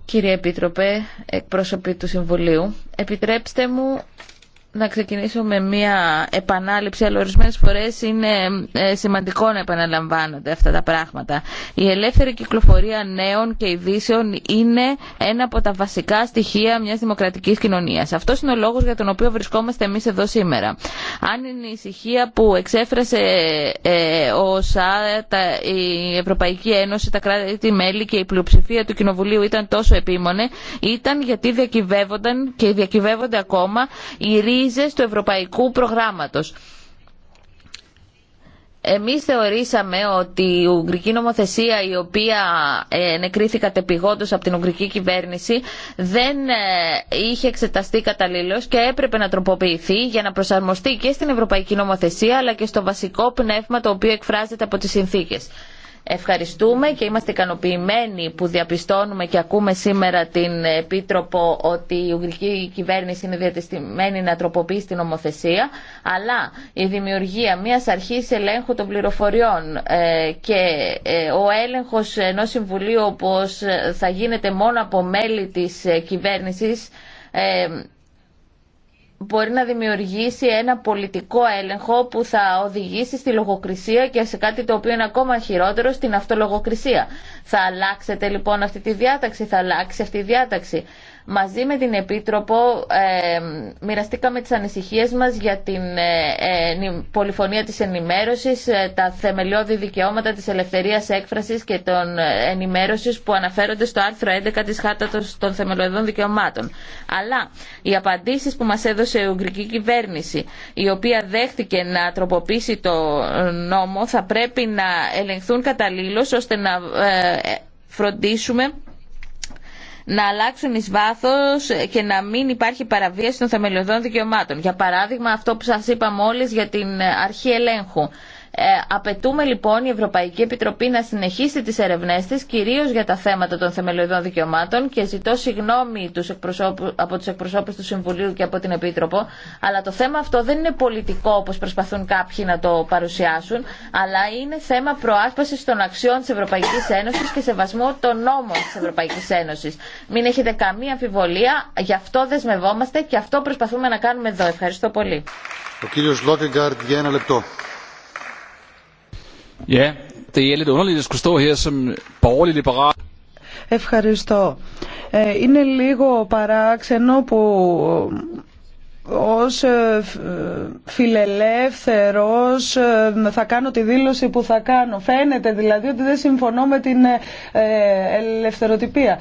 Κύριε Επίτροπε, εκπρόσωποι του Συμβουλίου, επιτρέψτε μου να ξεκινήσω με μια επανάληψη, αλλά ορισμένε φορέ είναι ε, σημαντικό να επαναλαμβάνονται αυτά τα πράγματα. Η ελεύθερη κυκλοφορία νέων και ειδήσεων είναι ένα από τα βασικά στοιχεία μιας δημοκρατικής κοινωνίας. Αυτό είναι ο λόγος για τον οποίο βρισκόμαστε εμείς εδώ σήμερα. Αν είναι η ησυχία που εξέφρασε ε, ο ΣΑ, η Ευρωπαϊκή Ένωση, τα κράτη-μέλη και η πλειοψηφία του Κοινοβουλίου ήταν τόσο επίμονε, ήταν γιατί διακυβεύονταν και διακυβεύονται ακόμα ρίζες του ευρωπαϊκού προγράμματος. Εμείς θεωρήσαμε ότι η Ουγγρική νομοθεσία η οποία ε, νεκρήθη κατεπηγόντως από την Ουγγρική κυβέρνηση δεν ε, είχε εξεταστεί καταλήλως και έπρεπε να τροποποιηθεί για να προσαρμοστεί και στην Ευρωπαϊκή νομοθεσία αλλά και στο βασικό πνεύμα το οποίο εκφράζεται από τις συνθήκες. Ευχαριστούμε και είμαστε ικανοποιημένοι που διαπιστώνουμε και ακούμε σήμερα την Επίτροπο ότι η Ουγγρική κυβέρνηση είναι διατεστημένη να τροποποιήσει την νομοθεσία, αλλά η δημιουργία μιας αρχής ελέγχου των πληροφοριών ε, και ε, ο έλεγχος ενός συμβουλίου όπως θα γίνεται μόνο από μέλη της ε, κυβέρνησης μπορεί να δημιουργήσει ένα πολιτικό έλεγχο που θα οδηγήσει στη λογοκρισία και σε κάτι το οποίο είναι ακόμα χειρότερο στην αυτολογοκρισία. Θα αλλάξετε λοιπόν αυτή τη διάταξη, θα αλλάξει αυτή η διάταξη. Μαζί με την Επίτροπο ε, μοιραστήκαμε τις ανησυχίες μας για την ε, ε, πολυφωνία της ενημέρωσης, ε, τα θεμελιώδη δικαιώματα της ελευθερίας έκφρασης και των ενημέρωσης που αναφέρονται στο άρθρο 11 της Χάρτατος των Θεμελιωδών Δικαιωμάτων. Αλλά οι απαντήσεις που μας έδωσε η Ουγγρική κυβέρνηση, η οποία δέχτηκε να τροποποιήσει το νόμο, θα πρέπει να ελεγχθούν καταλήλως ώστε να φροντίσουμε να αλλάξουν εις βάθος και να μην υπάρχει παραβίαση των θεμελιωδών δικαιωμάτων. Για παράδειγμα αυτό που σας είπα μόλις για την αρχή ελέγχου. Ε, απαιτούμε λοιπόν η Ευρωπαϊκή Επιτροπή να συνεχίσει τις ερευνές της, κυρίως για τα θέματα των θεμελιωδών δικαιωμάτων και ζητώ συγγνώμη τους από τους εκπροσώπους του Συμβουλίου και από την Επίτροπο, αλλά το θέμα αυτό δεν είναι πολιτικό όπως προσπαθούν κάποιοι να το παρουσιάσουν, αλλά είναι θέμα προάσπασης των αξιών της Ευρωπαϊκής Ένωσης και σεβασμού των νόμων της Ευρωπαϊκής Ένωσης. Μην έχετε καμία αμφιβολία, γι' αυτό δεσμευόμαστε και αυτό προσπαθούμε να κάνουμε εδώ. Ευχαριστώ πολύ. Ο κύριος για ένα λεπτό. Ευχαριστώ. Ε, είναι λίγο παράξενο που ε, ως ε, φιλελεύθερος θα κάνω τη δήλωση που θα κάνω. Φαίνεται δηλαδή ότι δεν συμφωνώ με την ελευθεροτυπία.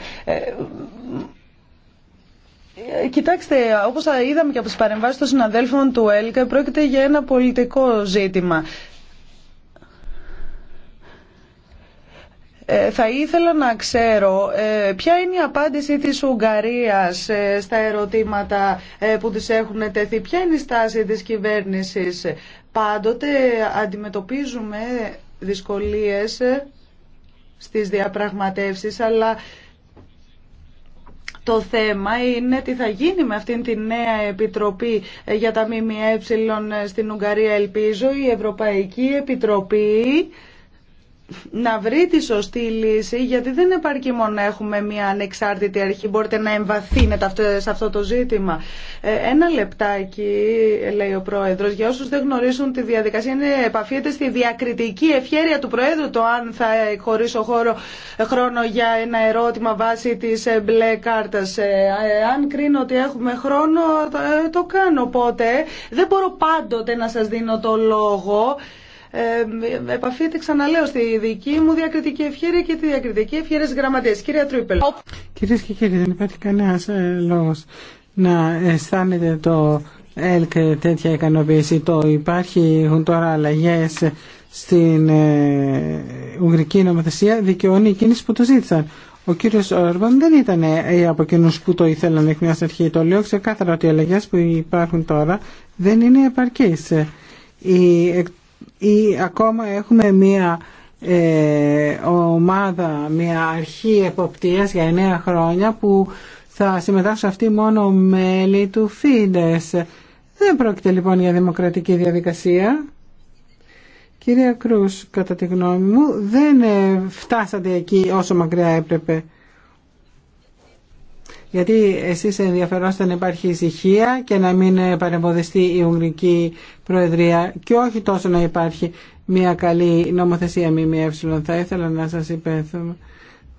Κοιτάξτε, όπως είδαμε και από τις παρεμβάσεις των συναδέλφων του ΕΛΚΑ, πρόκειται για ένα πολιτικό ζήτημα. Ε, θα ήθελα να ξέρω ε, ποια είναι η απάντηση της Ουγγαρίας ε, στα ερωτήματα που της έχουν τεθεί. Ποια είναι η στάση της κυβέρνησης. Πάντοτε αντιμετωπίζουμε δυσκολίες στις διαπραγματεύσεις, αλλά το θέμα είναι τι θα γίνει με αυτήν τη νέα επιτροπή για τα ΜΜΕ στην Ουγγαρία. Ελπίζω η Ευρωπαϊκή Επιτροπή να βρει τη σωστή λύση, γιατί δεν επαρκεί μόνο να έχουμε μια ανεξάρτητη αρχή. Μπορείτε να εμβαθύνετε σε αυτό το ζήτημα. Ε, ένα λεπτάκι, λέει ο Πρόεδρο, για όσου δεν γνωρίζουν τη διαδικασία, είναι, επαφείται στη διακριτική ευχέρεια του Προέδρου το αν θα χωρίσω χώρο, χρόνο για ένα ερώτημα βάσει τη ε, μπλε κάρτα. Ε, αν κρίνω ότι έχουμε χρόνο, το κάνω. Οπότε δεν μπορώ πάντοτε να σα δίνω το λόγο. Ε, ε, επαφείται, ξαναλέω, στη δική μου διακριτική ευχαίρεια και τη διακριτική ευχαίρεια τη γραμματεία. Κυρία Τρούπελ. Κυρίε και κύριοι, δεν υπάρχει κανένα ε, λόγο να αισθάνεται το ΕΛΚ τέτοια ικανοποίηση. Το υπάρχει, έχουν τώρα αλλαγέ στην Ουγγρική νομοθεσία, δικαιώνει εκείνε που το ζήτησαν. Ο κύριο Ορμπαν δεν ήταν από εκείνου που το ήθελαν εκ μια αρχή. Το λέω ξεκάθαρα ότι οι αλλαγέ που υπάρχουν τώρα δεν είναι επαρκεί ή ακόμα έχουμε μία ε, ομάδα, μία αρχή εποπτείας για εννέα χρόνια που θα συμμετάσχουν αυτοί μόνο μέλη του ΦΙΝΤΕΣ. Δεν πρόκειται λοιπόν για δημοκρατική διαδικασία. Κυρία Κρούς, κατά τη γνώμη μου, δεν ε, φτάσατε εκεί όσο μακριά έπρεπε γιατί εσείς ενδιαφερόστε να υπάρχει ησυχία και να μην παρεμποδιστεί η Ουγγρική Προεδρία και όχι τόσο να υπάρχει μια καλή νομοθεσία ΜΜΕ. Θα ήθελα να σας υπέθουμε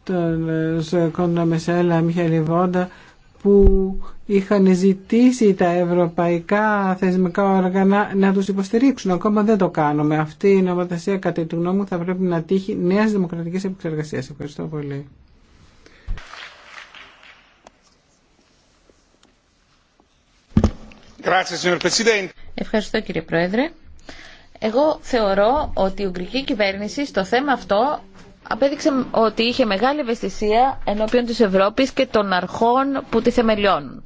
τον Σοκόντα Μεσέλα, Μιχαήλ Βόντα, που είχαν ζητήσει τα ευρωπαϊκά θεσμικά όργανα να τους υποστηρίξουν. Ακόμα δεν το κάνουμε. Αυτή η νομοθεσία κατά τη γνώμη μου θα πρέπει να τύχει νέας δημοκρατικής επεξεργασίας. Ευχαριστώ πολύ. Ευχαριστώ κύριε Πρόεδρε. Εγώ θεωρώ ότι η Ουγγρική κυβέρνηση στο θέμα αυτό απέδειξε ότι είχε μεγάλη ευαισθησία ενώπιον της Ευρώπης και των αρχών που τη θεμελιώνουν.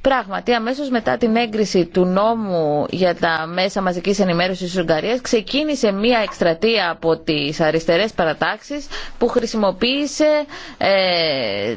Πράγματι, αμέσω μετά την έγκριση του νόμου για τα μέσα μαζική ενημέρωση τη Ουγγαρία, ξεκίνησε μία εκστρατεία από τι αριστερέ παρατάξει που χρησιμοποίησε ε,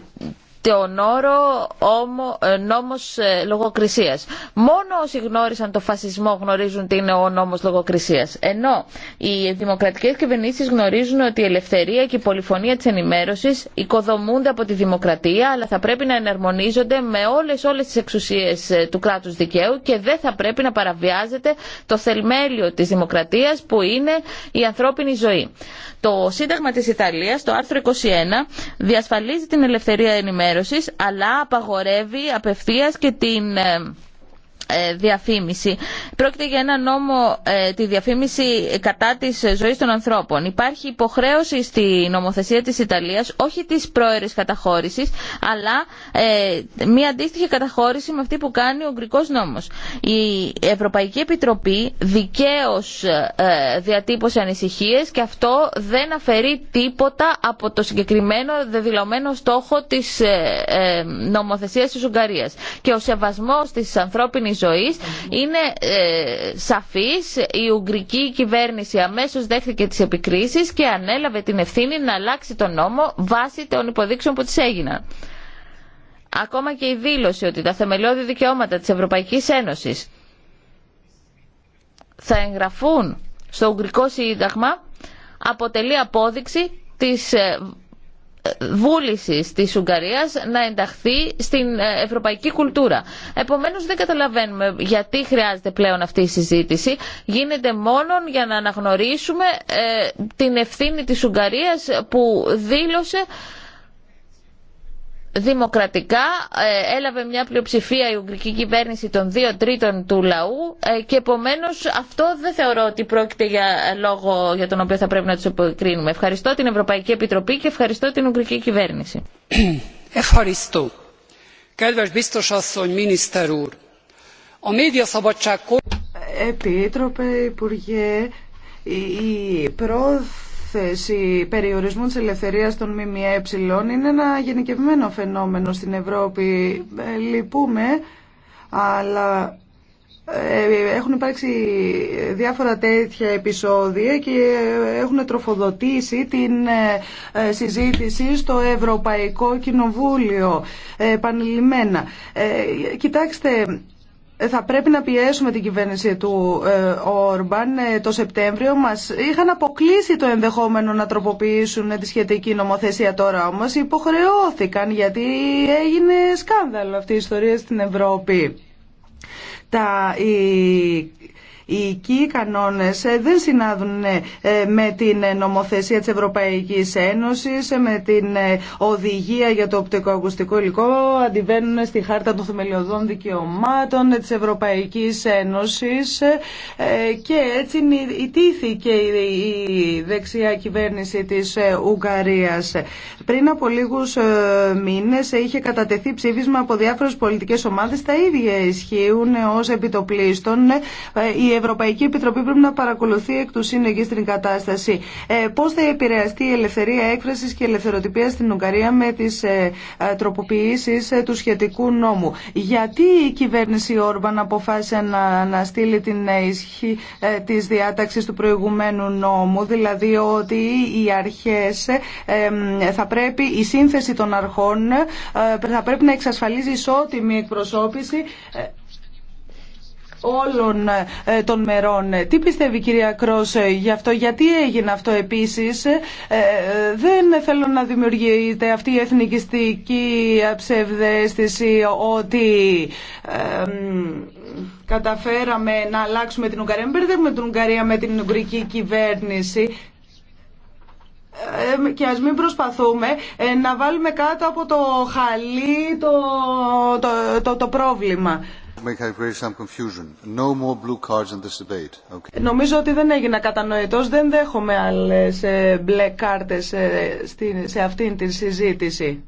τον όρο όμο, ε, νόμος ε, λογοκρισίας. Μόνο όσοι γνώρισαν το φασισμό γνωρίζουν τι είναι ο νόμος λογοκρισίας. Ενώ οι δημοκρατικές κυβερνήσεις γνωρίζουν ότι η ελευθερία και η πολυφωνία της ενημέρωσης οικοδομούνται από τη δημοκρατία αλλά θα πρέπει να εναρμονίζονται με όλες, όλες τις εξουσίες ε, του κράτους δικαίου και δεν θα πρέπει να παραβιάζεται το θελμέλιο της δημοκρατίας που είναι η ανθρώπινη ζωή. Το Σύνταγμα της Ιταλίας, το άρθρο 21, διασφαλίζει την ελευθερία ενημέρωσης αλλά απαγορεύει απευθείας και την ε, ε, διαφήμιση. Πρόκειται για ένα νόμο ε, τη διαφήμιση κατά της ζωής των ανθρώπων. Υπάρχει υποχρέωση στη νομοθεσία της Ιταλίας, όχι της πρόερης καταχώρησης, αλλά ε, μια αντίστοιχη καταχώρηση με αυτή που κάνει ο Ουγγρικός νόμος. Η Ευρωπαϊκή Επιτροπή δικαίως διατύπωσε ανησυχίες και αυτό δεν αφαιρεί τίποτα από το συγκεκριμένο δεδηλωμένο στόχο της νομοθεσίας της Ουγγαρίας. Και ο σεβασμός είναι ε, σαφής. Η Ουγγρική κυβέρνηση αμέσως δέχθηκε τις επικρίσεις και ανέλαβε την ευθύνη να αλλάξει τον νόμο βάσει των υποδείξεων που τη έγιναν. Ακόμα και η δήλωση ότι τα θεμελιώδη δικαιώματα της Ευρωπαϊκής Ένωσης θα εγγραφούν στο Ουγγρικό Σύνταγμα αποτελεί απόδειξη της ε, βούλησης της Ουγγαρίας να ενταχθεί στην ε, ευρωπαϊκή κουλτούρα. Επομένως δεν καταλαβαίνουμε γιατί χρειάζεται πλέον αυτή η συζήτηση. Γίνεται μόνο για να αναγνωρίσουμε ε, την ευθύνη της Ουγγαρίας που δήλωσε δημοκρατικά ε, έλαβε μια πλειοψηφία η Ουγγρική κυβέρνηση των δύο τρίτων του λαού ε, και επομένως αυτό δεν θεωρώ ότι πρόκειται για λόγο για τον οποίο θα πρέπει να του επικρίνουμε. Ευχαριστώ την Ευρωπαϊκή Επιτροπή και ευχαριστώ την Ουγγρική κυβέρνηση. Ευχαριστώ. Επίτροπε, Υπουργέ, η έκθεση περιορισμού της ελευθερίας των ΜΜΕ είναι ένα γενικευμένο φαινόμενο στην Ευρώπη. Ε, λυπούμε, αλλά ε, έχουν υπάρξει διάφορα τέτοια επεισόδια και έχουν τροφοδοτήσει την ε, συζήτηση στο Ευρωπαϊκό Κοινοβούλιο επανειλημμένα. Κοιτάξτε, θα πρέπει να πιέσουμε την κυβέρνηση του ε, Όρμπαν ε, το Σεπτέμβριο. Μας είχαν αποκλείσει το ενδεχόμενο να τροποποιήσουν τη σχετική νομοθεσία τώρα όμως. Υποχρεώθηκαν γιατί έγινε σκάνδαλο αυτή η ιστορία στην Ευρώπη. Τα, οι οικοί κανόνες ε, δεν συνάδουν ε, ε, με την νομοθεσία της Ευρωπαϊκής Ένωσης, με την οδηγία για το οπτικοακουστικό υλικό, αντιβαίνουν στη χάρτα των θεμελιωδών δικαιωμάτων της Ευρωπαϊκής Ένωσης και έτσι ιτήθηκε η δεξιά κυβέρνηση της Ουγγαρίας. Πριν από λίγους μήνες είχε κατατεθεί ψήφισμα από διάφορες πολιτικές ομάδες, τα ίδια ισχύουν ως επιτοπλίστων. Η Ευρωπαϊκή Επιτροπή πρέπει να παρακολουθεί εκ του σύνεγγυ στην κατάσταση. Ε, Πώ θα επηρεαστεί η ελευθερία έκφραση και η ελευθεροτυπία στην Ουγγαρία με τι ε, ε τροποποιήσει ε, του σχετικού νόμου. Γιατί η κυβέρνηση Όρμπαν αποφάσισε να στείλει την ισχύ ε, της τη διάταξη του προηγουμένου νόμου, δηλαδή ότι οι αρχέ πρέπει, η σύνθεση των αρχών θα πρέπει να εξασφαλίζει ισότιμη εκπροσώπηση όλων ε, των μερών. Τι πιστεύει κυρία Κρός ε, γι' αυτό, γιατί έγινε αυτό επίσης. Ε, δεν θέλω να δημιουργείται αυτή η εθνικιστική ψευδέστηση ότι καταφέραμε να αλλάξουμε την Ουγγαρία. Μην μπερδεύουμε την Ουγγαρία με την Ουγγρική κυβέρνηση και ας μην προσπαθούμε να βάλουμε κάτω από το χαλί το, το, το πρόβλημα. Νομίζω ότι δεν έγινα κατανοητός. Δεν δέχομαι άλλες ε, μπλε κάρτες ε, σε αυτήν την συζήτηση.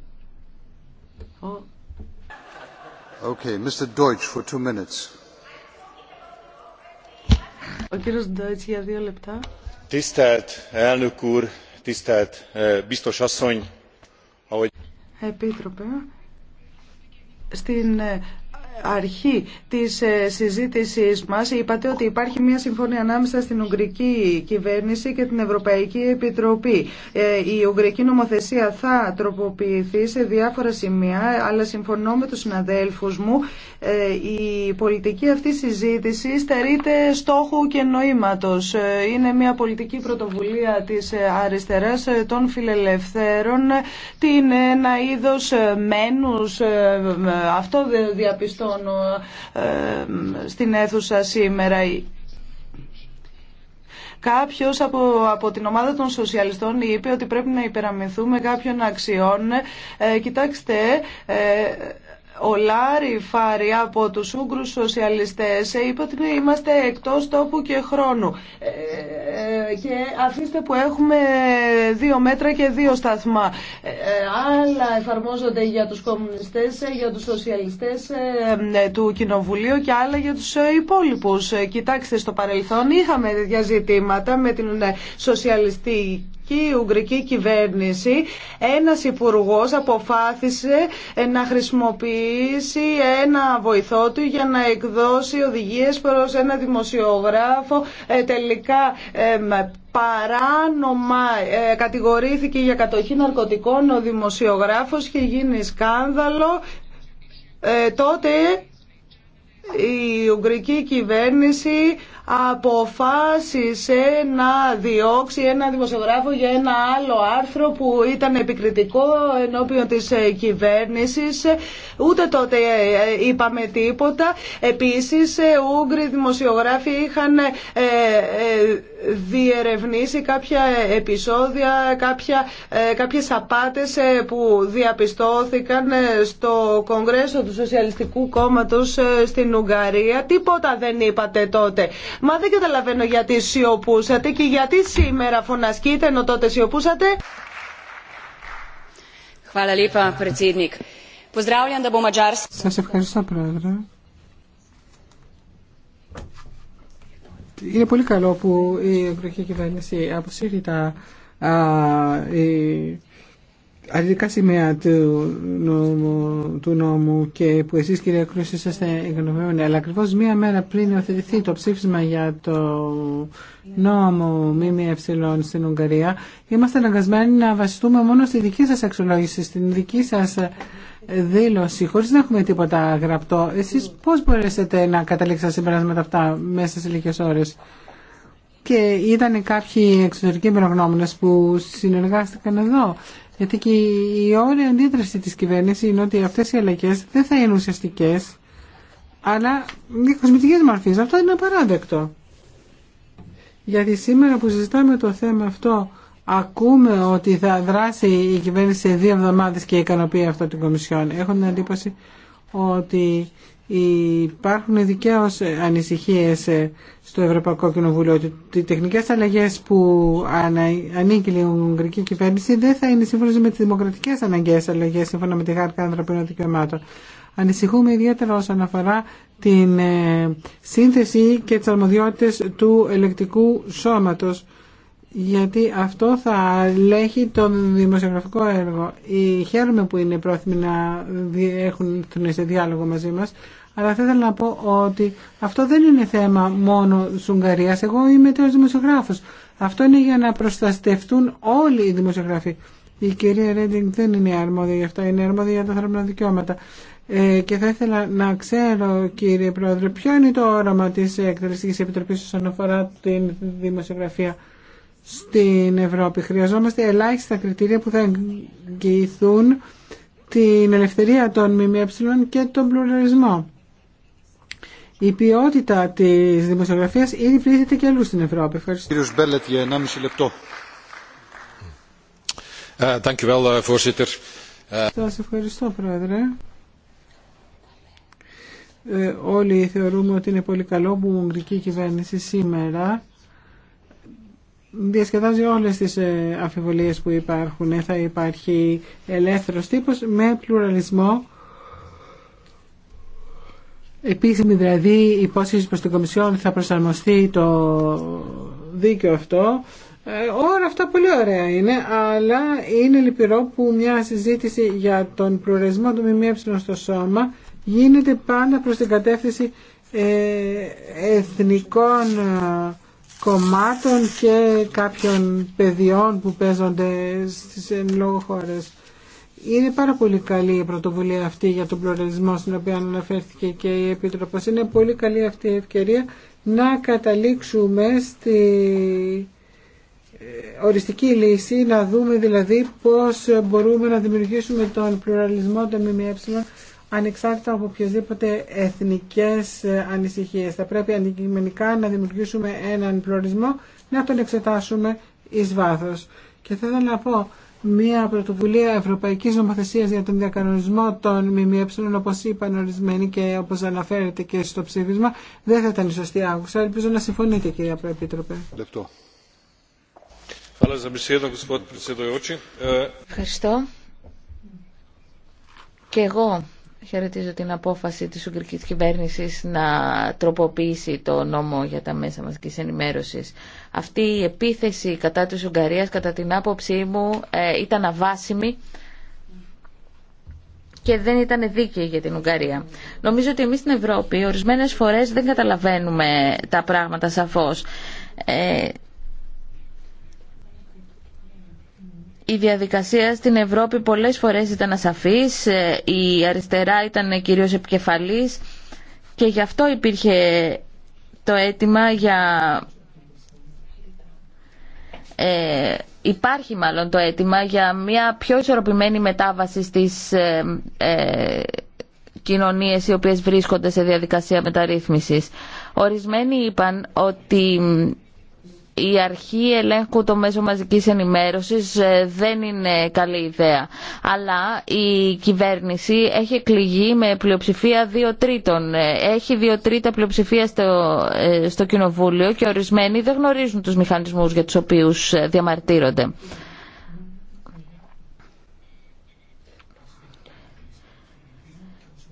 Ο κύριος Deutsch για δύο λεπτά. Ε, Επίτροπε, στην αρχή της ε, συζήτησής μας είπατε ότι υπάρχει μια συμφωνία ανάμεσα στην Ουγγρική κυβέρνηση και την Ευρωπαϊκή Επιτροπή. Ε, η Ουγγρική νομοθεσία θα τροποποιηθεί σε διάφορα σημεία, αλλά συμφωνώ με τους συναδέλφους μου, ε, η πολιτική αυτή συζήτηση στερείται στόχου και νοήματος. Είναι μια πολιτική πρωτοβουλία της αριστεράς των φιλελευθέρων, την ένα είδος μένους, αυτό διαπιστώ ε, στην αίθουσα σήμερα. Κάποιο από, από την ομάδα των σοσιαλιστών είπε ότι πρέπει να υπεραμεθούμε κάποιων αξιών. Ε, κοιτάξτε, ε, ο Λάρι Φάρη από τους Ούγκρους Σοσιαλιστές ε, είπε ότι είμαστε εκτός τόπου και χρόνου. Ε, ε, και αφήστε που έχουμε δύο μέτρα και δύο σταθμά. άλλα εφαρμόζονται για τους κομμουνιστές, για τους σοσιαλιστές του Κοινοβουλίου και άλλα για τους υπόλοιπους. κοιτάξτε στο παρελθόν είχαμε διαζητήματα με την σοσιαλιστή η Ουγγρική κυβέρνηση ένας υπουργός αποφάθησε να χρησιμοποιήσει ένα βοηθό του για να εκδώσει οδηγίες προς ένα δημοσιογράφο ε, τελικά παράνομα ε, κατηγορήθηκε για κατοχή ναρκωτικών ο δημοσιογράφος και γίνει σκάνδαλο ε, τότε η Ουγγρική κυβέρνηση αποφάσισε να διώξει ένα δημοσιογράφο για ένα άλλο άρθρο που ήταν επικριτικό ενώπιον της ε, κυβέρνησης. Ούτε τότε ε, ε, είπαμε τίποτα. Επίσης, Ούγγροι δημοσιογράφοι είχαν διερευνήσει κάποια επεισόδια, κάποια, κάποιες απάτες που διαπιστώθηκαν στο Κογκρέσο του Σοσιαλιστικού Κόμματος στην Ουγγαρία. Τίποτα δεν είπατε τότε. Μα δεν καταλαβαίνω γιατί σιωπούσατε και γιατί σήμερα φωνασκείτε ενώ τότε σιωπούσατε. Σας ευχαριστώ πρόεδρε. Είναι πολύ καλό που η ευρωπαϊκή κυβέρνηση αποσύρει τα, α, αρνητικά σημεία του νόμου, του νόμου και που εσείς κυρία Κρούση είσαστε εγγνωμένοι αλλά ακριβώ μία μέρα πριν υιοθετηθεί το ψήφισμα για το νόμο ΜΜΕ στην Ουγγαρία είμαστε αναγκασμένοι να βασιστούμε μόνο στη δική σας αξιολόγηση, στην δική σας δήλωση χωρίς να έχουμε τίποτα γραπτό. Εσείς πώς μπορέσετε να καταλήξετε συμπεράσματα αυτά μέσα σε λίγες ώρες. Και ήταν κάποιοι εξωτερικοί εμπειρογνώμονες που συνεργάστηκαν εδώ. Γιατί και η όρια αντίδραση της κυβέρνησης είναι ότι αυτές οι αλλαγές δεν θα είναι ουσιαστικέ, αλλά κοσμητικές μορφής. Αυτό είναι απαράδεκτο. Γιατί σήμερα που συζητάμε το θέμα αυτό, ακούμε ότι θα δράσει η κυβέρνηση σε δύο εβδομάδες και ικανοποιεί αυτό την Κομισιόν. Έχω την εντύπωση ότι Υπάρχουν δικαίω ανησυχίε στο Ευρωπαϊκό Κοινοβούλιο ότι οι τεχνικέ αλλαγέ που ανήκει η Ουγγρική κυβέρνηση δεν θα είναι σύμφωνε με τι δημοκρατικέ αναγκαίε αλλαγέ σύμφωνα με τη Χάρτα Ανθρωπίνων Δικαιωμάτων. Ανησυχούμε ιδιαίτερα όσον αφορά την ε, σύνθεση και τις αρμοδιότητες του ελεκτικού σώματος γιατί αυτό θα λέγει τον δημοσιογραφικό έργο. Χαίρομαι που είναι πρόθυμοι να έχουν σε διάλογο μαζί μας, αλλά θα ήθελα να πω ότι αυτό δεν είναι θέμα μόνο της Ουγγαρίας. Εγώ είμαι τέλος δημοσιογράφος. Αυτό είναι για να προστατευτούν όλοι οι δημοσιογράφοι. Η κυρία Ρέντινγκ δεν είναι αρμόδια για αυτό. είναι αρμόδια για τα ανθρώπινα δικαιώματα. Ε, και θα ήθελα να ξέρω, κύριε Πρόεδρε, ποιο είναι το όραμα τη Εκτελεστική Επιτροπή όσον αφορά τη δημοσιογραφία στην Ευρώπη. Χρειαζόμαστε ελάχιστα κριτήρια που θα εγγυηθούν την ελευθερία των ΜΜΕ και τον πλουραλισμό η ποιότητα της δημοσιογραφίας ήδη πλήθεται και αλλού στην Ευρώπη. Ευχαριστώ. Κύριος Μπέλετ για 1,5 λεπτό. Ε, uh, ε, ευχαριστώ, Πρόεδρε. Ε, όλοι θεωρούμε ότι είναι πολύ καλό που η Ουγγρική κυβέρνηση σήμερα διασκεδάζει όλες τις ε, αμφιβολίες που υπάρχουν. Θα υπάρχει ελεύθερος τύπος με πλουραλισμό επίσημη δηλαδή υπόσχεση προς την Κομισιόν θα προσαρμοστεί το δίκαιο αυτό. Ε, όλα αυτά πολύ ωραία είναι, αλλά είναι λυπηρό που μια συζήτηση για τον προορισμό του ΜΜΕ στο σώμα γίνεται πάντα προς την κατεύθυνση ε, εθνικών ε, κομμάτων και κάποιων παιδιών που παίζονται στις εν λόγω χώρες. Είναι πάρα πολύ καλή η πρωτοβουλία αυτή για τον πλουραλισμό στην οποία αναφέρθηκε και η Επίτροπος. Είναι πολύ καλή αυτή η ευκαιρία να καταλήξουμε στη ε, οριστική λύση, να δούμε δηλαδή πώς μπορούμε να δημιουργήσουμε τον πλουραλισμό των ΜΜΕ ανεξάρτητα από οποιασδήποτε εθνικές ε, ανησυχίες. Θα πρέπει αντικειμενικά να δημιουργήσουμε έναν πλουραλισμό, να τον εξετάσουμε εις βάθος. Και θα ήθελα να πω μια πρωτοβουλία Ευρωπαϊκή Νομοθεσία για τον διακανονισμό των ΜΜΕ, όπω είπαν ορισμένοι και όπω αναφέρεται και στο ψήφισμα, δεν θα ήταν η σωστή άγουσα. Ελπίζω να συμφωνείτε, κυρία Προεπίτροπε. Ευχαριστώ. Και εγώ χαιρετίζω την απόφαση της Ουγγρικής Κυβέρνησης να τροποποιήσει το νόμο για τα μέσα μαζικής ενημέρωσης. Αυτή η επίθεση κατά της Ουγγαρίας, κατά την άποψή μου, ε, ήταν αβάσιμη και δεν ήταν δίκαιη για την Ουγγαρία. Νομίζω ότι εμείς στην Ευρώπη ορισμένες φορές δεν καταλαβαίνουμε τα πράγματα σαφώς. Ε, η διαδικασία στην Ευρώπη πολλές φορές ήταν ασαφής, ε, η αριστερά ήταν κυρίως επικεφαλής και γι' αυτό υπήρχε το αίτημα για ε, υπάρχει μάλλον το αίτημα για μια πιο ισορροπημένη μετάβαση στις ε, ε, κοινωνίες οι οποίες βρίσκονται σε διαδικασία μεταρρύθμισης. Ορισμένοι είπαν ότι η αρχή ελέγχου το μέσο μαζικής ενημέρωσης ε, δεν είναι καλή ιδέα. Αλλά η κυβέρνηση έχει εκλεγεί με πλειοψηφία δύο τρίτων. Ε, έχει δύο τρίτα πλειοψηφία στο, ε, στο Κοινοβούλιο και ορισμένοι δεν γνωρίζουν τους μηχανισμούς για τους οποίους διαμαρτύρονται.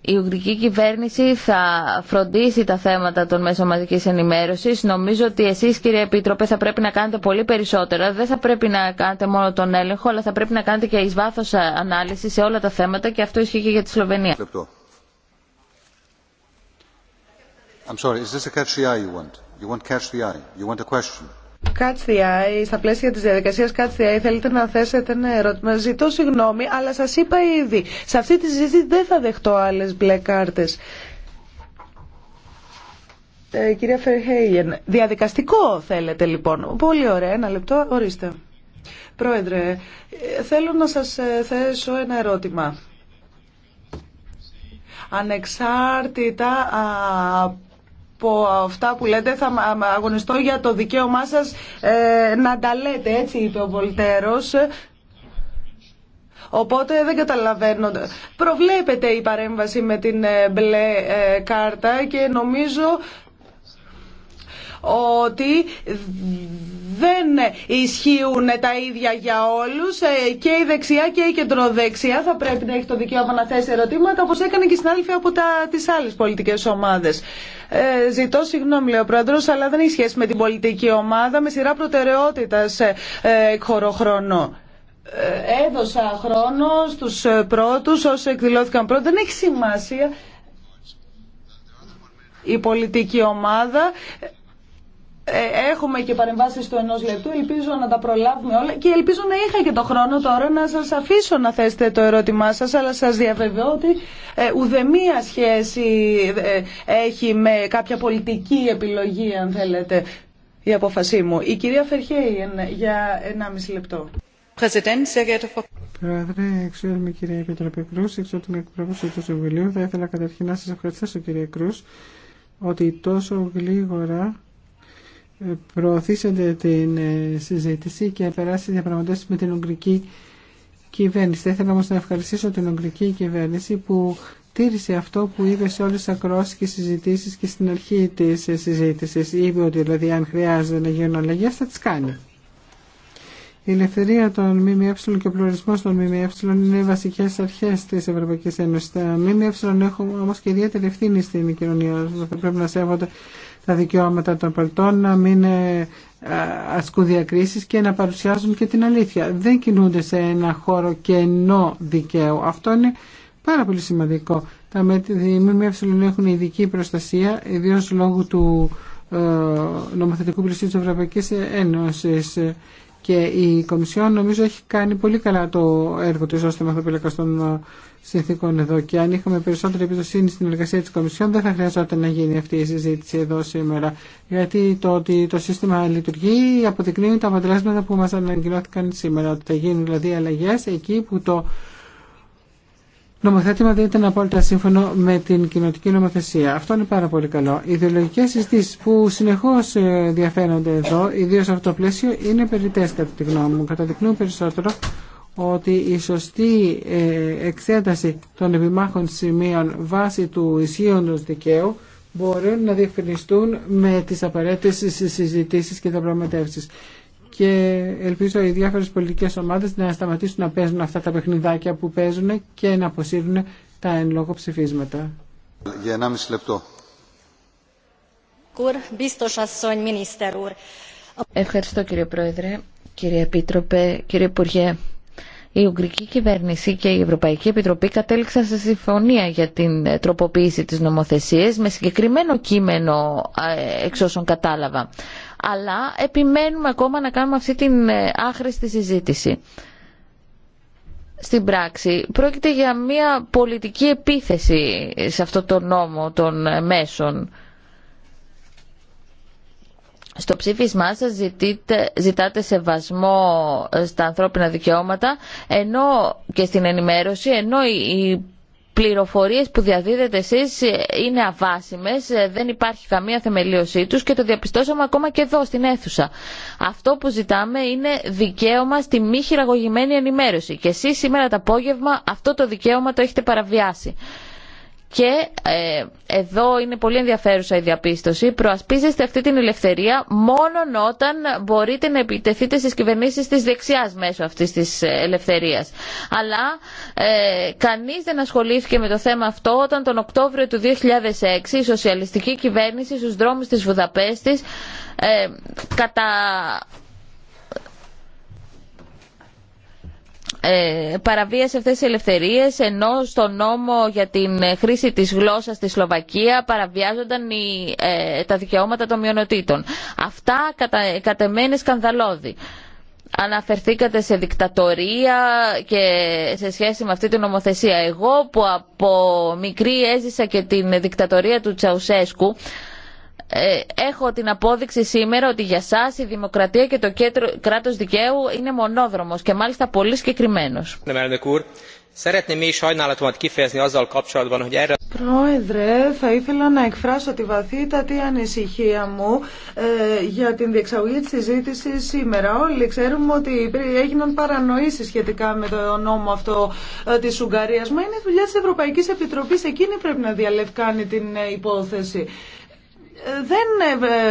η Ουγγρική κυβέρνηση θα φροντίσει τα θέματα των μέσων μαζική ενημέρωσης. Νομίζω ότι εσείς κύριε Επίτροπε θα πρέπει να κάνετε πολύ περισσότερα. Δεν θα πρέπει να κάνετε μόνο τον έλεγχο, αλλά θα πρέπει να κάνετε και ει βάθο ανάλυση σε όλα τα θέματα και αυτό ισχύει και για τη Σλοβενία eye, στα πλαίσια τη διαδικασία Eye θέλετε να θέσετε ένα ερώτημα. Ζητώ συγγνώμη, αλλά σα είπα ήδη. Σε αυτή τη συζήτηση δεν θα δεχτώ άλλε μπλε κάρτε. Ε, κυρία Φερχέιεν, διαδικαστικό θέλετε λοιπόν. Πολύ ωραία, ένα λεπτό, ορίστε. Πρόεδρε, ε, θέλω να σας ε, θέσω ένα ερώτημα. Ανεξάρτητα από από αυτά που λέτε θα αγωνιστώ για το δικαίωμά σας ε, να τα λέτε, έτσι είπε ο Βολτέρος. Οπότε δεν καταλαβαίνω. Προβλέπεται η παρέμβαση με την ε, μπλε ε, κάρτα και νομίζω ότι δεν ισχύουν τα ίδια για όλους ε, και η δεξιά και η κεντροδεξιά θα πρέπει να έχει το δικαίωμα να θέσει ερωτήματα όπως έκανε και η συνάδελφη από τα, τις άλλες πολιτικές ομάδες. Ε, ζητώ συγγνώμη, λέει ο Πρόεδρος, αλλά δεν έχει σχέση με την πολιτική ομάδα. Με σειρά προτεραιότητα ε, ε, ε, έδωσα χρόνο στους πρώτους όσοι εκδηλώθηκαν πρώτα. Δεν έχει σημασία η πολιτική ομάδα. Ε, έχουμε και παρεμβάσεις του ενός λεπτού, ελπίζω να τα προλάβουμε όλα και ελπίζω να είχα και το χρόνο τώρα να σας αφήσω να θέσετε το ερώτημά σας, αλλά σας διαβεβαιώ ότι ε, ουδεμία σχέση ε, έχει με κάποια πολιτική επιλογή, αν θέλετε, η απόφασή μου. Η κυρία Φερχέιεν για ένα μισή λεπτό. Πρόεδρε, εξαιρετική κυρία Επιτροπή Κρούς, εξαιρετική εκπρόβουση του Συμβουλίου, θα ήθελα καταρχήν να σας ευχαριστήσω κύριε Κρούς ότι τόσο γλίγορα προωθήσετε την ε, συζήτηση και περάσει διαπραγματεύσει με την Ουγγρική κυβέρνηση. Θα ήθελα όμως να ευχαριστήσω την Ουγγρική κυβέρνηση που τήρησε αυτό που είπε σε όλες τις ακρόσεις και συζητήσεις και στην αρχή της ε, συζήτησης. Είπε ότι δηλαδή αν χρειάζεται να γίνουν αλλαγές θα τις κάνει. Η ελευθερία των ΜΜΕ και ο πλουρισμό των ΜΜΕ είναι οι βασικέ αρχέ τη Ευρωπαϊκή Ένωση. Τα ΜΜΕ έχουν όμω και ιδιαίτερη ευθύνη στην κοινωνία. Θα πρέπει να σέβονται τα δικαιώματα των πολιτών, να μην ε, ασκούν διακρίσει και να παρουσιάζουν και την αλήθεια. Δεν κινούνται σε ένα χώρο κενό δικαίου. Αυτό είναι πάρα πολύ σημαντικό. Τα ΜΜΕ έχουν ειδική προστασία, ιδίω λόγω του ε, νομοθετικού πλαισίου τη Ευρωπαϊκή Ένωση. Και η Κομισιόν νομίζω έχει κάνει πολύ καλά το έργο της ως θεματοπιλακός των ε, συνθήκων εδώ και αν είχαμε περισσότερη εμπιστοσύνη στην εργασία της Κομισιόν δεν θα χρειαζόταν να γίνει αυτή η συζήτηση εδώ σήμερα γιατί το ότι το σύστημα λειτουργεί αποδεικνύει τα αποτελέσματα που μας ανακοινώθηκαν σήμερα ότι θα γίνουν δηλαδή αλλαγές εκεί που το νομοθέτημα δεν ήταν απόλυτα σύμφωνο με την κοινοτική νομοθεσία. Αυτό είναι πάρα πολύ καλό. Οι ιδεολογικέ συζητήσει που συνεχώ ε, διαφαίνονται εδώ, ιδίω σε αυτό το πλαίσιο, είναι περιττέ κατά τη γνώμη μου. Καταδεικνύουν περισσότερο ότι η σωστή ε, εξέταση των επιμάχων σημείων βάσει του ισχύοντο δικαίου μπορούν να διευκρινιστούν με τις απαραίτητες συζητήσεις και τα και ελπίζω οι διάφορες πολιτικές ομάδες να σταματήσουν να παίζουν αυτά τα παιχνιδάκια που παίζουν και να αποσύρουν τα εν λόγω ψηφίσματα. Για λεπτό. Ευχαριστώ κύριε Πρόεδρε, κύριε Επίτροπε, κύριε Υπουργέ. Η Ουγγρική Κυβέρνηση και η Ευρωπαϊκή Επιτροπή κατέληξαν σε συμφωνία για την τροποποίηση της νομοθεσίας με συγκεκριμένο κείμενο εξ όσων κατάλαβα αλλά επιμένουμε ακόμα να κάνουμε αυτή την ε, άχρηστη συζήτηση. Στην πράξη πρόκειται για μια πολιτική επίθεση σε αυτό το νόμο των ε, μέσων. Στο ψήφισμά σας ζητείτε, ζητάτε σεβασμό ε, στα ανθρώπινα δικαιώματα ενώ και στην ενημέρωση, ενώ η πληροφορίες που διαδίδετε εσείς είναι αβάσιμες, ε, δεν υπάρχει καμία θεμελίωσή τους και το διαπιστώσαμε ακόμα και εδώ στην αίθουσα. Αυτό που ζητάμε είναι δικαίωμα στη μη χειραγωγημένη ενημέρωση και εσείς σήμερα το απόγευμα αυτό το δικαίωμα το έχετε παραβιάσει. Και ε, εδώ είναι πολύ ενδιαφέρουσα η διαπίστωση. Προασπίζεστε αυτή την ελευθερία μόνο όταν μπορείτε να επιτεθείτε στις κυβερνήσεις της δεξιάς μέσω αυτής της ε, ελευθερίας. Αλλά ε, κανείς δεν ασχολήθηκε με το θέμα αυτό όταν τον Οκτώβριο του 2006 η σοσιαλιστική κυβέρνηση στους δρόμους της Βουδαπέστης ε, κατά Ε, παραβίασε αυτές τις ελευθερίες ενώ στο νόμο για την ε, χρήση της γλώσσας στη Σλοβακία παραβιάζονταν οι, ε, τα δικαιώματα των μειονοτήτων. Αυτά κατα, κατ' σκανδαλώδη. Αναφερθήκατε σε δικτατορία και σε σχέση με αυτή την νομοθεσία. Εγώ που από μικρή έζησα και την δικτατορία του Τσαουσέσκου ε, έχω την απόδειξη σήμερα ότι για σας η δημοκρατία και το κράτος δικαίου είναι μονόδρομος και μάλιστα πολύ συγκεκριμένος. Πρόεδρε, θα ήθελα να εκφράσω τη βαθύτατη ανησυχία μου ε, για την διεξαγωγή της συζήτηση σήμερα. Όλοι ξέρουμε ότι έγιναν παρανοήσεις σχετικά με το νόμο αυτό ε, της Ουγγαρίας. Μα είναι δουλειά της Ευρωπαϊκής Επιτροπής. Εκείνη πρέπει να διαλευκάνει την ε, υπόθεση δεν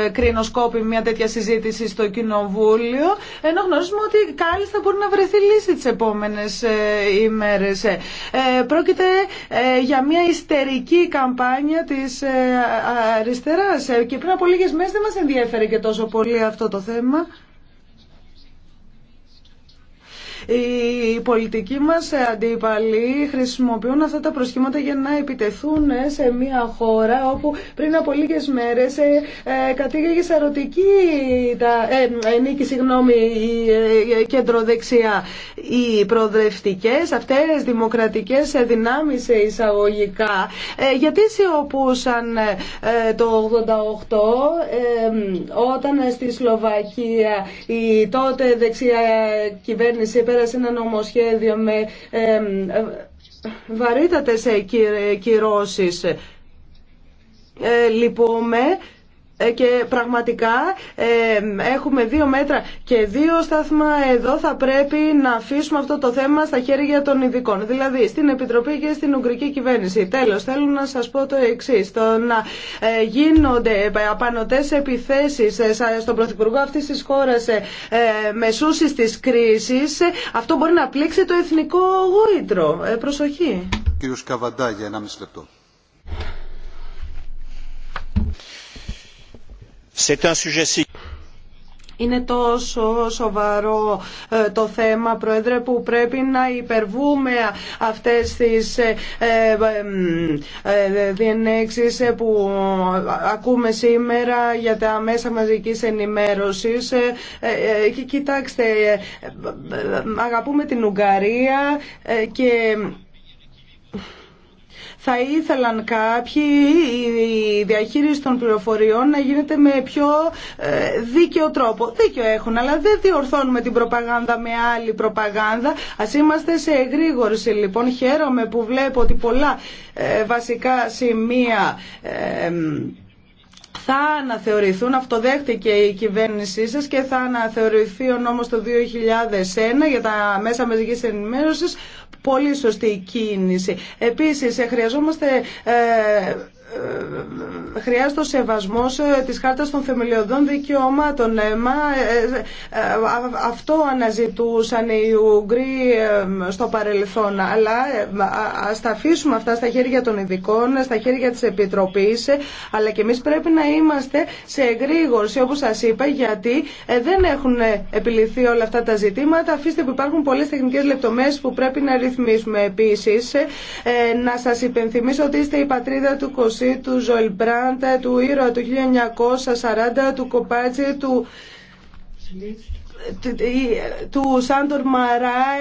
ε, κρίνω σκόπι μια τέτοια συζήτηση στο Κοινοβούλιο, ενώ γνωρίζουμε ότι κάλλιστα μπορεί να βρεθεί λύση τις επόμενες ε, ημέρες. Ε, πρόκειται για μια ιστερική καμπάνια της αριστεράς και πριν από λίγες μέρες δεν μας ενδιαφέρει και τόσο πολύ αυτό το θέμα. Οι πολιτικοί μας ε, αντίπαλοι χρησιμοποιούν αυτά τα προσχήματα για να επιτεθούν ε, σε μια χώρα όπου πριν από λίγες μέρες ε, κατήγαγε σε ερωτική νίκη συγγνώμη, η κεντροδεξιά. Οι προοδευτικές αυτές δημοκρατικές δυνάμεις εισαγωγικά γιατί σιωπούσαν το 88 όταν στη Σλοβακία η τότε δεξιά κυβέρνηση σε ένα νομοσχέδιο με βαρύτατες ε, ε, κυρώσεις. Ε, λυπούμε ε, και πραγματικά ε, έχουμε δύο μέτρα και δύο σταθμά εδώ θα πρέπει να αφήσουμε αυτό το θέμα στα χέρια των ειδικών. Δηλαδή στην Επιτροπή και στην Ουγγρική Κυβέρνηση. Τέλος, θέλω να σας πω το εξή. Το να ε, γίνονται απανοτές επιθέσεις στον Πρωθυπουργό αυτής της χώρας μεσούσης της κρίσης, αυτό μπορεί να πλήξει το εθνικό γόητρο. Προσοχή. Κύριος Καβαντά για ένα λεπτό. Είναι τόσο σοβαρό ε, το θέμα, Πρόεδρε, που πρέπει να υπερβούμε αυτές τις ε, ε, διενέξεις που ακούμε σήμερα για τα μέσα μαζικής ενημέρωσης. κοιτάξτε, αγαπούμε την Ουγγαρία και... Θα ήθελαν κάποιοι η διαχείριση των πληροφοριών να γίνεται με πιο ε, δίκαιο τρόπο. Δίκαιο έχουν, αλλά δεν διορθώνουμε την προπαγάνδα με άλλη προπαγάνδα. Α είμαστε σε εγρήγορση λοιπόν. Χαίρομαι που βλέπω ότι πολλά ε, βασικά σημεία ε, θα αναθεωρηθούν, αυτό δέχτηκε η κυβέρνησή σας και θα αναθεωρηθεί ο νόμος το 2001 για τα μέσα μαζικής ενημέρωσης. Πολύ σωστή κίνηση. Επίσης, ε, χρειαζόμαστε... Ε, ε, χρειάζεται ο σεβασμός ε, της Χάρτας των Θεμελιωδών Δικαιωμάτων. Ε, μα, αυτό αναζητούσαν οι Ουγγροί στο παρελθόν. Αλλά ας τα αφήσουμε αυτά στα χέρια των ειδικών, στα χέρια της Επιτροπής. Αλλά και εμείς πρέπει να είμαστε σε εγρήγορση, όπως σας είπα, γιατί δεν έχουν επιληθεί όλα αυτά τα ζητήματα. Αφήστε που υπάρχουν πολλές τεχνικές λεπτομέρειες που πρέπει να ρυθμίσουμε επίσης. Να σας υπενθυμίσω ότι είστε η πατρίδα του Κωσίου του Ζολμπράντα, του Ήρωα του 1940, του Κοπάτσι, του του Σάντορ μαράι,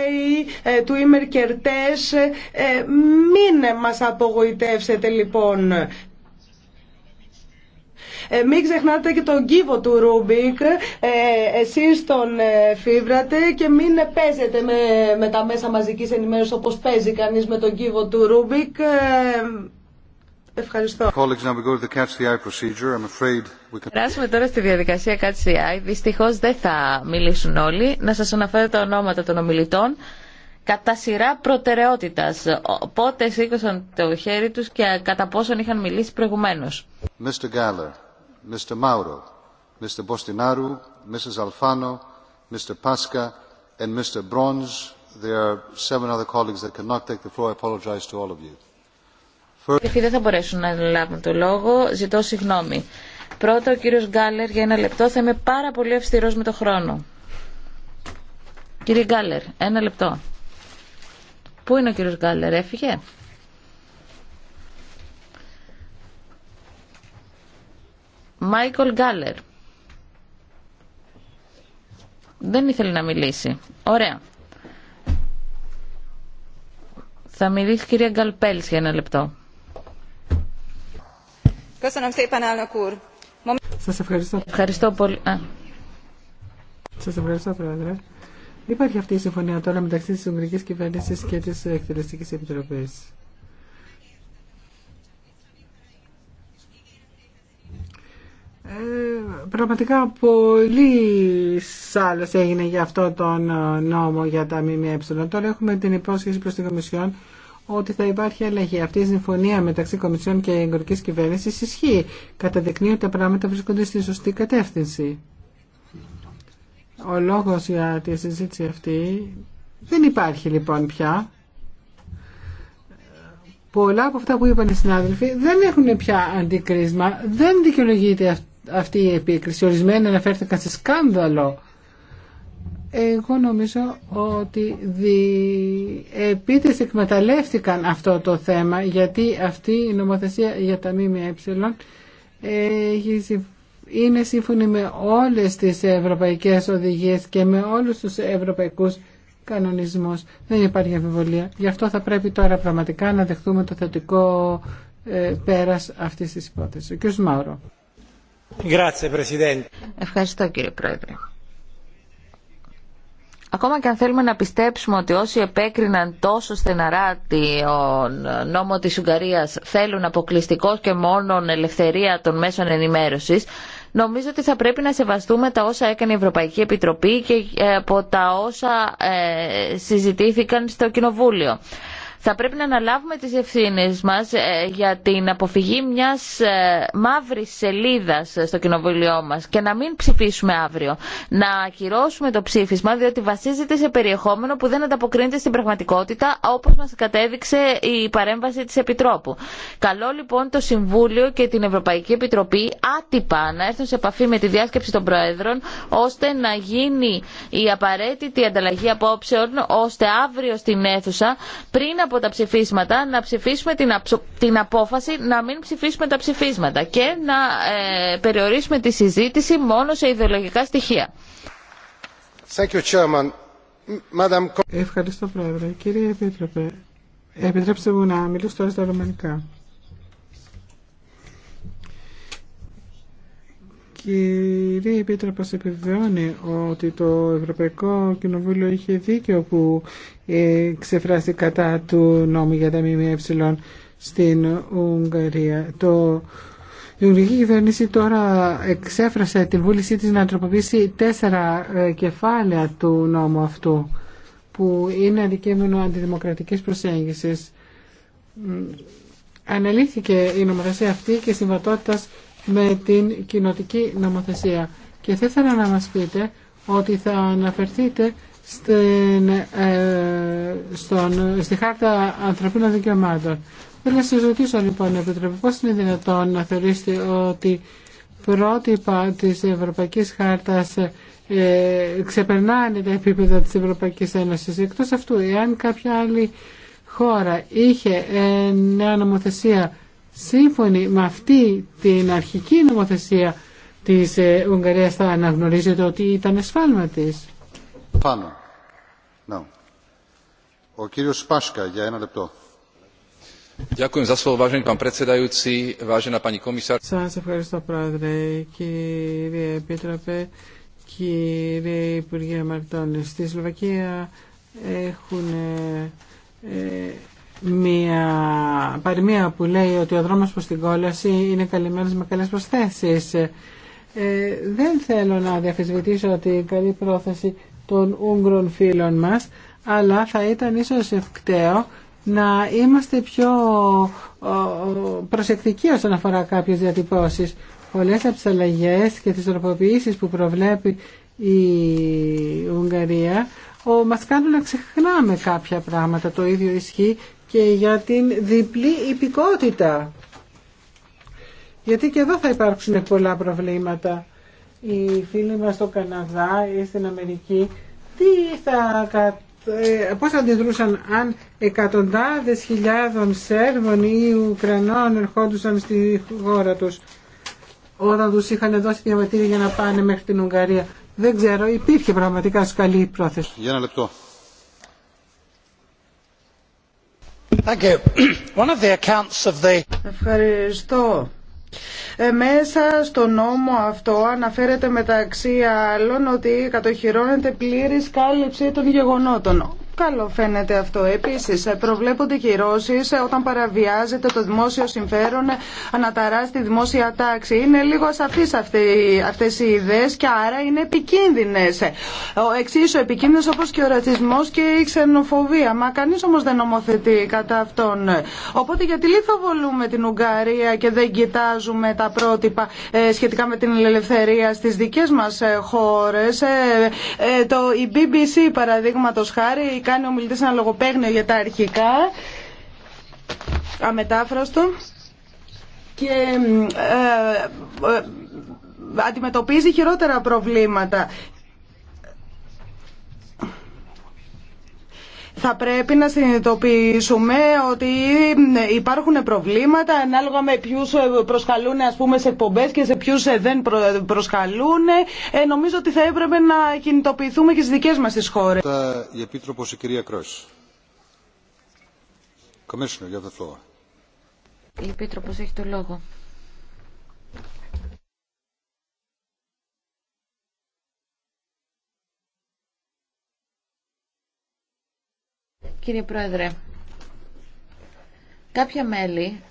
ε, του Ήμερ Κερτές. Ε, μην μας απογοητεύσετε λοιπόν. Ε, μην ξεχνάτε και τον κύβο του Ρούμπικ. Ε, εσείς τον ε, φίβρατε και μην παίζετε με, με τα μέσα μαζικής ενημέρωσης όπως παίζει κανείς με τον κύβο του Ρούμπικ. Ευχαριστώ. Περάσουμε τώρα στη διαδικασία Catch the Eye. Δυστυχώ δεν θα μιλήσουν όλοι. Να σα αναφέρω τα ονόματα των ομιλητών κατά σειρά προτεραιότητα. Πότε σήκωσαν το χέρι του και κατά πόσον είχαν μιλήσει προηγουμένω. Mr. Galler, Mr. Mauro, Mr. Bostinaru, Mrs. Alfano, Mr. Pasca and Mr. Bronze. There are seven other colleagues that cannot take the floor. I apologize to all of you. Οι δεν θα μπορέσουν να λάβουν το λόγο. Ζητώ συγγνώμη. Πρώτα ο κύριος Γκάλερ για ένα λεπτό θα είμαι πάρα πολύ αυστηρός με το χρόνο. Κύριε Γκάλερ, ένα λεπτό. Πού είναι ο κύριος Γκάλερ, έφυγε. Μάικολ Γκάλερ. Δεν ήθελε να μιλήσει. Ωραία. Θα μιλήσει η κυρία Γκαλπέλς για ένα λεπτό. Σας ευχαριστώ. Πρόεδρε. Υπάρχει αυτή η συμφωνία τώρα μεταξύ της Ουγγρικής Κυβέρνησης και της Εκτελεστικής Επιτροπής. Ε, πραγματικά πολύ σάλος έγινε για αυτό τον νόμο για τα ΜΜΕ. Τώρα έχουμε την υπόσχεση προς την Κομισιόν ότι θα υπάρχει αλλαγή. Αυτή η συμφωνία μεταξύ Κομισιών και Εγκορική Κυβέρνηση ισχύει. Καταδεικνύει ότι τα πράγματα βρίσκονται στη σωστή κατεύθυνση. Ο λόγο για τη συζήτηση αυτή δεν υπάρχει λοιπόν πια. Πολλά από αυτά που είπαν οι συνάδελφοι δεν έχουν πια αντικρίσμα. Δεν δικαιολογείται αυτή η επίκριση. Ορισμένοι αναφέρθηκαν σε σκάνδαλο εγώ νομίζω ότι διεπίτες εκμεταλλεύτηκαν αυτό το θέμα γιατί αυτή η νομοθεσία για τα ΜΜΕ είναι σύμφωνη με όλες τις ευρωπαϊκές οδηγίες και με όλους τους ευρωπαϊκούς κανονισμούς. Δεν υπάρχει αμφιβολία. Γι' αυτό θα πρέπει τώρα πραγματικά να δεχτούμε το θετικό ε, πέρας αυτής της υπόθεσης. Ο κ. Μάουρο. Ευχαριστώ κύριε Πρόεδρε. Ακόμα και αν θέλουμε να πιστέψουμε ότι όσοι επέκριναν τόσο στεναρά τον νόμο της Ουγγαρίας θέλουν αποκλειστικό και μόνον ελευθερία των μέσων ενημέρωσης, νομίζω ότι θα πρέπει να σεβαστούμε τα όσα έκανε η Ευρωπαϊκή Επιτροπή και ε, από τα όσα ε, συζητήθηκαν στο Κοινοβούλιο. Θα πρέπει να αναλάβουμε τις ευθύνες μας ε, για την αποφυγή μιας ε, μαύρης σελίδας στο κοινοβουλίο μας και να μην ψηφίσουμε αύριο. Να ακυρώσουμε το ψήφισμα διότι βασίζεται σε περιεχόμενο που δεν ανταποκρίνεται στην πραγματικότητα όπως μας κατέδειξε η παρέμβαση της Επιτρόπου. Καλό λοιπόν το Συμβούλιο και την Ευρωπαϊκή Επιτροπή άτυπα να έρθουν σε επαφή με τη διάσκεψη των Προέδρων ώστε να γίνει η απαραίτητη ανταλλαγή απόψεων ώστε αύριο στην αίθουσα πριν από τα ψηφίσματα να ψηφίσουμε την, αψο... την απόφαση να μην ψηφίσουμε τα ψηφίσματα και να ε, περιορίσουμε τη συζήτηση μόνο σε ιδεολογικά στοιχεία. Thank you, Chairman. Madam... Ευχαριστώ, Πρόεδρε. Κύριε Επίτροπε, επιτρέψτε μου να μιλήσω τώρα στα ρωμανικά. κυρία Επίτροπος, επιβεβαιώνει ότι το Ευρωπαϊκό Κοινοβούλιο είχε δίκιο που ε, ξεφράστηκε κατά του νόμου για τα ΜΜΕ στην Ουγγαρία. Το... Η Ουγγρική κυβέρνηση τώρα εξέφρασε την βούλησή της να τροποποιήσει τέσσερα ε, κεφάλαια του νόμου αυτού που είναι αντικείμενο αντιδημοκρατικής προσέγγισης. Αναλύθηκε η νομοθεσία αυτή και συμβατότητας με την κοινοτική νομοθεσία. Και θα ήθελα να μας πείτε ότι θα αναφερθείτε στην, ε, στον, στη Χάρτα Ανθρωπίνων Δικαιωμάτων. Θέλω να σας ρωτήσω λοιπόν, Επιτροπή, πώς είναι δυνατόν να θεωρήσετε ότι πρότυπα της Ευρωπαϊκής Χάρτας ε, ξεπερνάνε τα επίπεδα της Ευρωπαϊκής Ένωσης. Εκτός αυτού, εάν κάποια άλλη χώρα είχε ε, νέα νομοθεσία σύμφωνη με αυτή την αρχική νομοθεσία της ε, Ουγγαρίας θα αναγνωρίζετε ότι ήταν εσφάλμα της. Πάνω. Ο κύριος Σπάσκα, για ένα λεπτό. Σας ευχαριστώ πρόεδρε, κύριε Επίτροπε, κύριε Υπουργέ Μαρτώνη. Στη Σλοβακία έχουν ε, μια παροιμία που λέει ότι ο δρόμος προς την κόλαση είναι καλυμμένος με καλές προσθέσεις. Ε, δεν θέλω να διαφυσβητήσω την καλή πρόθεση των Ούγγρων φίλων μας, αλλά θα ήταν ίσως ευκταίο να είμαστε πιο προσεκτικοί όσον αφορά κάποιες διατυπώσεις. Πολλές από τις αλλαγές και τις τροποποιήσεις που προβλέπει η Ουγγαρία ο, μας κάνουν να ξεχνάμε κάποια πράγματα. Το ίδιο ισχύει και για την διπλή υπηκότητα. Γιατί και εδώ θα υπάρξουν πολλά προβλήματα. Οι φίλοι μας στο Καναδά ή στην Αμερική, τι θα, ε, πώς θα αντιδρούσαν αν εκατοντάδες χιλιάδων Σέρβων ή Ουκρανών ερχόντουσαν στη χώρα τους όταν τους είχαν δώσει διαβατήρια για να πάνε μέχρι την Ουγγαρία. Δεν ξέρω, υπήρχε πραγματικά σκαλή πρόθεση. Για ένα λεπτό. Ευχαριστώ. Μέσα στο νόμο αυτό αναφέρεται μεταξύ άλλων ότι κατοχυρώνεται πλήρης κάλυψη των γεγονότων. Καλό φαίνεται αυτό. Επίση, προβλέπονται κυρώσει όταν παραβιάζεται το δημόσιο συμφέρον, αναταράσσει τη δημόσια τάξη. Είναι λίγο ασαφεί αυτέ οι ιδέε και άρα είναι επικίνδυνε. Εξίσου επικίνδυνε όπω και ο ρατσισμό και η ξενοφοβία. Μα κανεί όμω δεν νομοθετεί κατά αυτόν. Οπότε, γιατί λιθοβολούμε την Ουγγαρία και δεν κοιτάζουμε τα πρότυπα ε, σχετικά με την ελευθερία στι δικέ μα ε, χώρε. Ε, η BBC, παραδείγματο χάρη, κάνει ο μιλητής ένα λογοπαίγνιο για τα αρχικά, αμετάφραστο, και ε, ε, αντιμετωπίζει χειρότερα προβλήματα. Θα πρέπει να συνειδητοποιήσουμε ότι υπάρχουν προβλήματα ανάλογα με ποιου ε, προσκαλούν ας πούμε, σε εκπομπέ και σε ποιου ε, δεν ε, προσκαλούν. Ε, νομίζω ότι θα έπρεπε να κινητοποιηθούμε και στι δικέ μα τι χώρε. Η Επίτροπο, η κυρία Η Επίτροπος έχει το λόγο. Κύριε Πρόεδρε, κάποια μέλη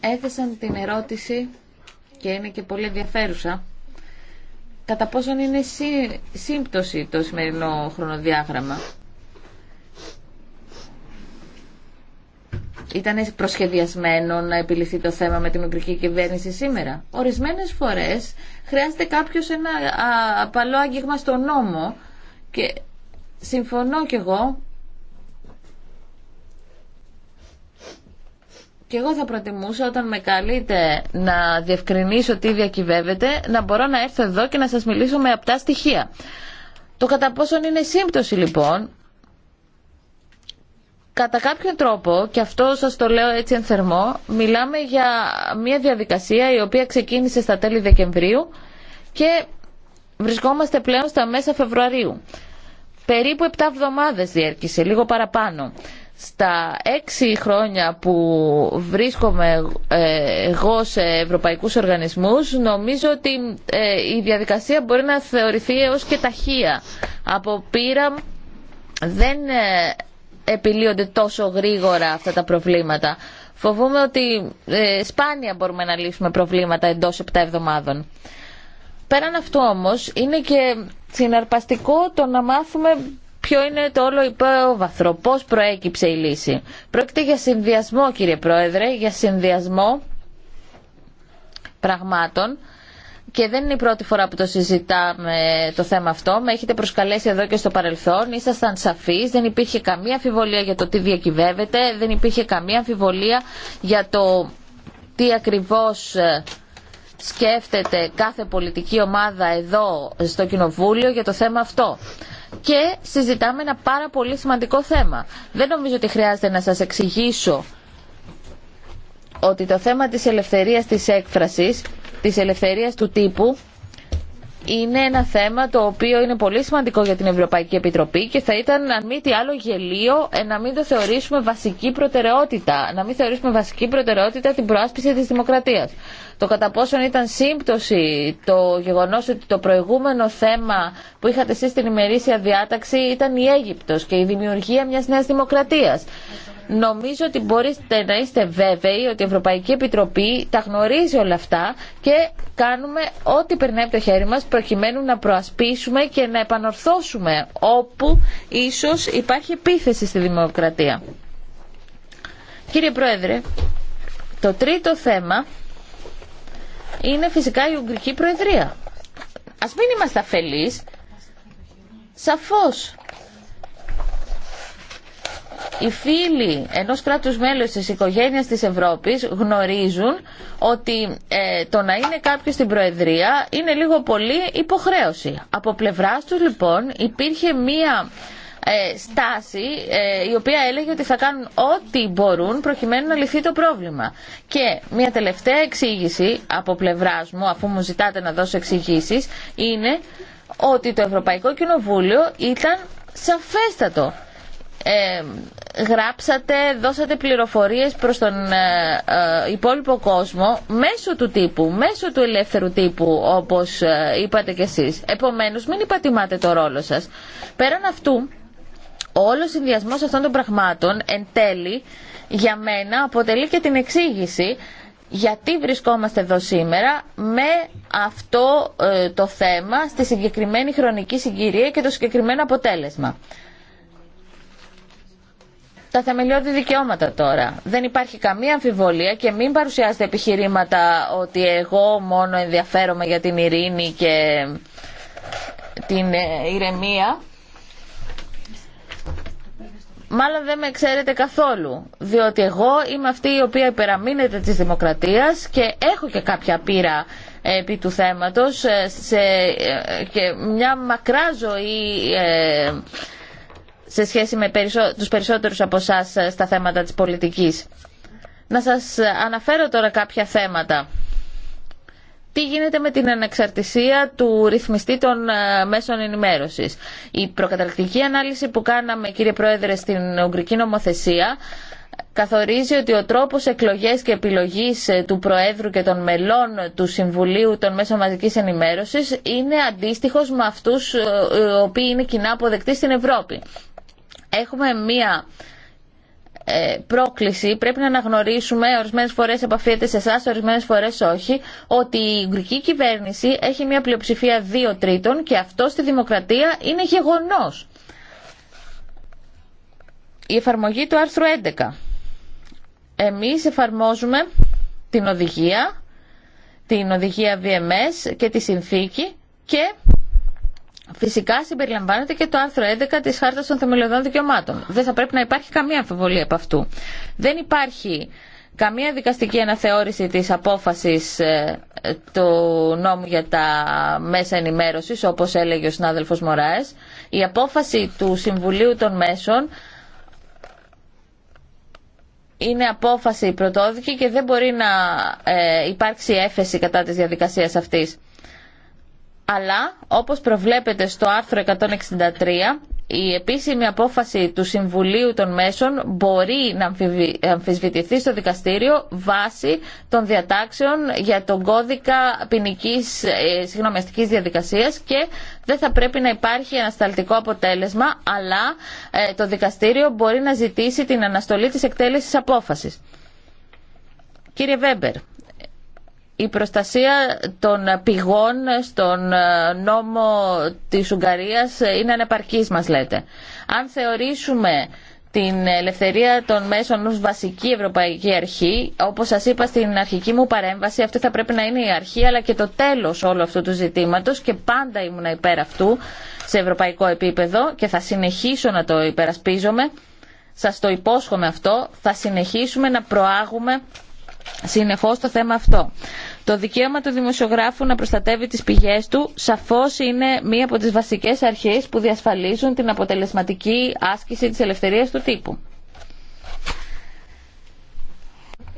έθεσαν την ερώτηση και είναι και πολύ ενδιαφέρουσα κατά πόσον είναι σύμπτωση το σημερινό χρονοδιάγραμμα. Ήταν προσχεδιασμένο να επιληθεί το θέμα με την Ουγγρική κυβέρνηση σήμερα. Ορισμένες φορές χρειάζεται κάποιος ένα απαλό άγγιγμα στο νόμο και συμφωνώ κι εγώ Και εγώ θα προτιμούσα όταν με καλείτε να διευκρινίσω τι διακυβεύεται, να μπορώ να έρθω εδώ και να σας μιλήσω με απτά στοιχεία. Το κατά πόσον είναι σύμπτωση λοιπόν, κατά κάποιον τρόπο, και αυτό σας το λέω έτσι εν θερμό, μιλάμε για μια διαδικασία η οποία ξεκίνησε στα τέλη Δεκεμβρίου και βρισκόμαστε πλέον στα μέσα Φεβρουαρίου. Περίπου 7 εβδομάδες διέρχησε, λίγο παραπάνω στα έξι χρόνια που βρίσκομαι ε, εγώ σε ευρωπαϊκούς οργανισμούς νομίζω ότι ε, η διαδικασία μπορεί να θεωρηθεί έως και ταχεία. Από πείρα δεν ε, επιλύονται τόσο γρήγορα αυτά τα προβλήματα. Φοβούμαι ότι σπάνια μπορούμε να λύσουμε προβλήματα εντός επτά εβδομάδων. Πέραν αυτού όμως είναι και συναρπαστικό το να μάθουμε ποιο είναι το όλο υπόβαθρο, πώ προέκυψε η λύση. Πρόκειται για συνδυασμό κύριε Πρόεδρε, για συνδυασμό πραγμάτων και δεν είναι η πρώτη φορά που το συζητάμε το θέμα αυτό. Με έχετε προσκαλέσει εδώ και στο παρελθόν. Ήσασταν σαφεί, δεν υπήρχε καμία αμφιβολία για το τι διακυβεύεται, δεν υπήρχε καμία αμφιβολία για το τι ακριβώς ε, σκέφτεται κάθε πολιτική ομάδα εδώ στο Κοινοβούλιο για το θέμα αυτό και συζητάμε ένα πάρα πολύ σημαντικό θέμα. Δεν νομίζω ότι χρειάζεται να σας εξηγήσω ότι το θέμα της ελευθερίας της έκφρασης, της ελευθερίας του τύπου, είναι ένα θέμα το οποίο είναι πολύ σημαντικό για την Ευρωπαϊκή Επιτροπή και θα ήταν, αν μη τι άλλο, γελίο ε, να μην το θεωρήσουμε βασική προτεραιότητα, να μην θεωρήσουμε βασική προτεραιότητα την προάσπιση της δημοκρατίας. Το κατά πόσον ήταν σύμπτωση το γεγονός ότι το προηγούμενο θέμα που είχατε εσείς στην ημερήσια διάταξη ήταν η Αίγυπτος και η δημιουργία μιας νέας δημοκρατίας. Νομίζω ότι μπορείτε να είστε βέβαιοι ότι η Ευρωπαϊκή Επιτροπή τα γνωρίζει όλα αυτά και κάνουμε ό,τι περνάει από το χέρι μας προκειμένου να προασπίσουμε και να επανορθώσουμε όπου ίσως υπάρχει επίθεση στη δημοκρατία. Κύριε Πρόεδρε, το τρίτο θέμα είναι φυσικά η Ουγγρική Προεδρία. Ας μην είμαστε αφελείς. Σαφώς οι φίλοι ενός κράτους μέλους της οικογένειας της Ευρώπης γνωρίζουν ότι ε, το να είναι κάποιος στην Προεδρία είναι λίγο πολύ υποχρέωση. Από πλευράς τους λοιπόν υπήρχε μία ε, στάση ε, η οποία έλεγε ότι θα κάνουν ό,τι μπορούν προκειμένου να λυθεί το πρόβλημα. Και μια τελευταία εξήγηση από πλευρά μου, αφού μου ζητάτε να δώσω εξηγήσει, είναι ότι το Ευρωπαϊκό Κοινοβούλιο ήταν σαφέστατο. Ε, γράψατε, δώσατε πληροφορίες προς τον ε, υπόλοιπο κόσμο μέσω του τύπου, μέσω του ελεύθερου τύπου όπως είπατε κι εσείς. Επομένως μην υπατιμάτε το ρόλο σας. Πέραν αυτού όλο ο συνδυασμό αυτών των πραγμάτων εν τέλει για μένα αποτελεί και την εξήγηση γιατί βρισκόμαστε εδώ σήμερα με αυτό ε, το θέμα στη συγκεκριμένη χρονική συγκυρία και το συγκεκριμένο αποτέλεσμα. Τα θεμελιώδη δικαιώματα τώρα. Δεν υπάρχει καμία αμφιβολία και μην παρουσιάζετε επιχειρήματα ότι εγώ μόνο ενδιαφέρομαι για την ειρήνη και την ε, ηρεμία μάλλον δεν με ξέρετε καθόλου, διότι εγώ είμαι αυτή η οποία υπεραμείνεται της δημοκρατίας και έχω και κάποια πείρα επί του θέματος ε, ε, και μια μακρά ζωή ε, σε σχέση με τους περισσότερους από εσά στα θέματα της πολιτικής. Να σας αναφέρω τώρα κάποια θέματα τι γίνεται με την ανεξαρτησία του ρυθμιστή των ε, μέσων ενημέρωση. Η προκαταρκτική ανάλυση που κάναμε, κύριε Πρόεδρε, στην Ουγγρική νομοθεσία καθορίζει ότι ο τρόπος εκλογές και επιλογής ε, του Προέδρου και των μελών του Συμβουλίου των Μέσων Μαζικής Ενημέρωσης είναι αντίστοιχος με αυτούς οι ε, οποίοι είναι κοινά αποδεκτοί στην Ευρώπη. Έχουμε μία ε, πρόκληση πρέπει να αναγνωρίσουμε, ορισμένες φορές επαφιέται σε εσά, ορισμένες φορές όχι, ότι η Ουγγρική κυβέρνηση έχει μια πλειοψηφία δύο τρίτων και αυτό στη δημοκρατία είναι γεγονός. Η εφαρμογή του άρθρου 11. Εμείς εφαρμόζουμε την οδηγία, την οδηγία VMS και τη συνθήκη και Φυσικά συμπεριλαμβάνεται και το άρθρο 11 της Χάρτας των Θεμελιωδών Δικαιωμάτων. Δεν θα πρέπει να υπάρχει καμία αμφιβολία από αυτού. Δεν υπάρχει καμία δικαστική αναθεώρηση της απόφασης ε, του νόμου για τα μέσα ενημέρωσης, όπως έλεγε ο συνάδελφος Μωράες. Η απόφαση του Συμβουλίου των Μέσων είναι απόφαση πρωτόδικη και δεν μπορεί να ε, υπάρξει έφεση κατά της διαδικασίας αυτής αλλά όπως προβλέπεται στο άρθρο 163 η επίσημη απόφαση του Συμβουλίου των Μέσων μπορεί να αμφισβητηθεί στο δικαστήριο βάσει των διατάξεων για τον κώδικα ποινικής ε, συγγνωμιαστική διαδικασίας και δεν θα πρέπει να υπάρχει ανασταλτικό αποτέλεσμα, αλλά ε, το δικαστήριο μπορεί να ζητήσει την αναστολή της εκτέλεσης απόφασης. Κύριε Βέμπερ, η προστασία των πηγών στον ε, νόμο της Ουγγαρίας είναι ανεπαρκής μας λέτε. Αν θεωρήσουμε την ελευθερία των μέσων ως βασική ευρωπαϊκή αρχή, όπως σας είπα στην αρχική μου παρέμβαση, αυτή θα πρέπει να είναι η αρχή αλλά και το τέλος όλου αυτού του ζητήματος και πάντα ήμουν υπέρ αυτού σε ευρωπαϊκό επίπεδο και θα συνεχίσω να το υπερασπίζομαι. Σας το υπόσχομαι αυτό, θα συνεχίσουμε να προάγουμε συνεχώς το θέμα αυτό. Το δικαίωμα του δημοσιογράφου να προστατεύει τι πηγέ του σαφώ είναι μία από τι βασικέ αρχέ που διασφαλίζουν την αποτελεσματική άσκηση τη ελευθερία του τύπου.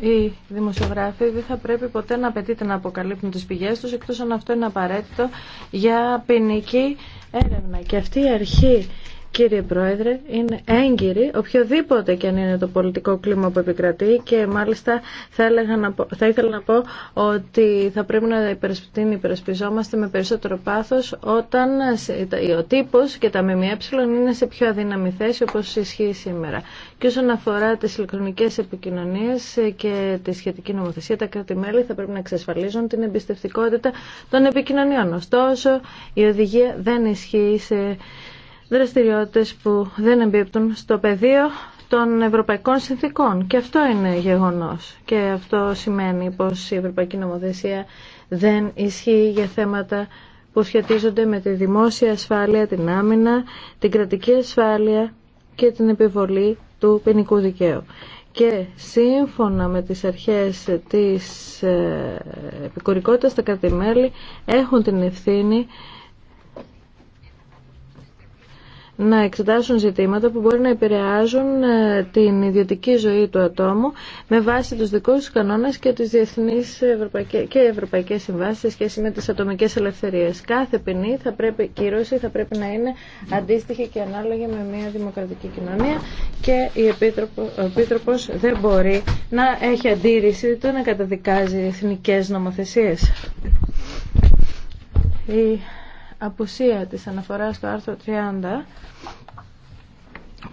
Οι δημοσιογράφοι δεν θα πρέπει ποτέ να απαιτείται να αποκαλύπτουν τις πηγές τους εκτός αν αυτό είναι απαραίτητο για ποινική έρευνα. Και αυτή η αρχή Κύριε Πρόεδρε, είναι έγκυρη οποιοδήποτε και αν είναι το πολιτικό κλίμα που επικρατεί και μάλιστα θα, να πω, θα ήθελα να πω ότι θα πρέπει να την υπερασπιζόμαστε με περισσότερο πάθος όταν ο τύπος και τα ΜΜΕ είναι σε πιο αδύναμη θέση όπως ισχύει σήμερα. Και όσον αφορά τις ηλεκτρονικές επικοινωνίες και τη σχετική νομοθεσία, τα κράτη-μέλη θα πρέπει να εξασφαλίζουν την εμπιστευτικότητα των επικοινωνιών. Ωστόσο, η οδηγία δεν ισχύει σε δραστηριότητες που δεν εμπίπτουν στο πεδίο των ευρωπαϊκών συνθήκων. Και αυτό είναι γεγονός. Και αυτό σημαίνει πως η Ευρωπαϊκή Νομοθεσία δεν ισχύει για θέματα που σχετίζονται με τη δημόσια ασφάλεια, την άμυνα, την κρατική ασφάλεια και την επιβολή του ποινικού δικαίου. Και σύμφωνα με τις αρχές της ε, επικουρικότητας, τα κρατημέλη έχουν την ευθύνη να εξετάσουν ζητήματα που μπορεί να επηρεάζουν ε, την ιδιωτική ζωή του ατόμου με βάση τους δικούς τους κανόνες και τις διεθνείς ευρωπαϊκές, και ευρωπαϊκές συμβάσεις σε σχέση με τις ατομικές ελευθερίες. Κάθε ποινή θα πρέπει, κύρωση θα πρέπει να είναι αντίστοιχη και ανάλογη με μια δημοκρατική κοινωνία και η Επίτροπο, ο Επίτροπος δεν μπορεί να έχει αντίρρηση το να καταδικάζει εθνικές νομοθεσίες απουσία της αναφοράς στο άρθρο 30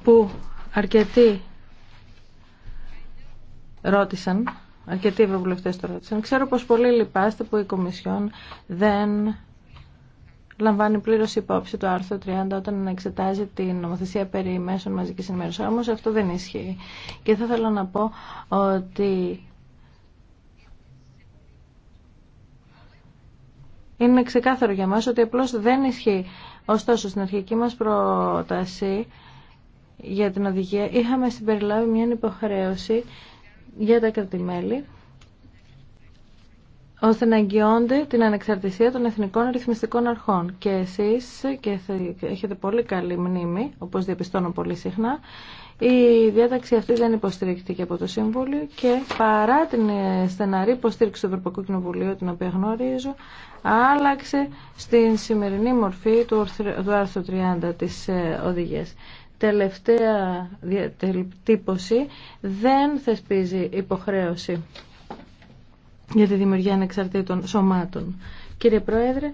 που αρκετοί ρώτησαν, αρκετοί ευρωβουλευτές το ρώτησαν. Ξέρω πως πολύ λυπάστε που η Κομισιόν δεν λαμβάνει πλήρως υπόψη το άρθρο 30 όταν εξετάζει την νομοθεσία περί μέσων μαζικής ενημέρωσης. Όμω αυτό δεν ισχύει. Και θα ήθελα να πω ότι Είναι ξεκάθαρο για μας ότι απλώς δεν ισχύει. Ωστόσο, στην αρχική μας πρόταση για την οδηγία είχαμε συμπεριλάβει μια υποχρέωση για τα κρατημέλη ώστε να εγγυώνται την ανεξαρτησία των εθνικών ρυθμιστικών αρχών. Και εσείς, και έχετε πολύ καλή μνήμη, όπως διαπιστώνω πολύ συχνά, η διάταξη αυτή δεν υποστηρίχθηκε από το Σύμβουλιο και παρά την ε, στεναρή υποστήριξη του Ευρωπαϊκού Κοινοβουλίου, την οποία γνωρίζω, άλλαξε στην σημερινή μορφή του άρθρου 30 της ε, οδηγίας τελευταία τύπωση δεν θεσπίζει υποχρέωση για τη δημιουργία ανεξαρτήτων σωμάτων. Κύριε Πρόεδρε,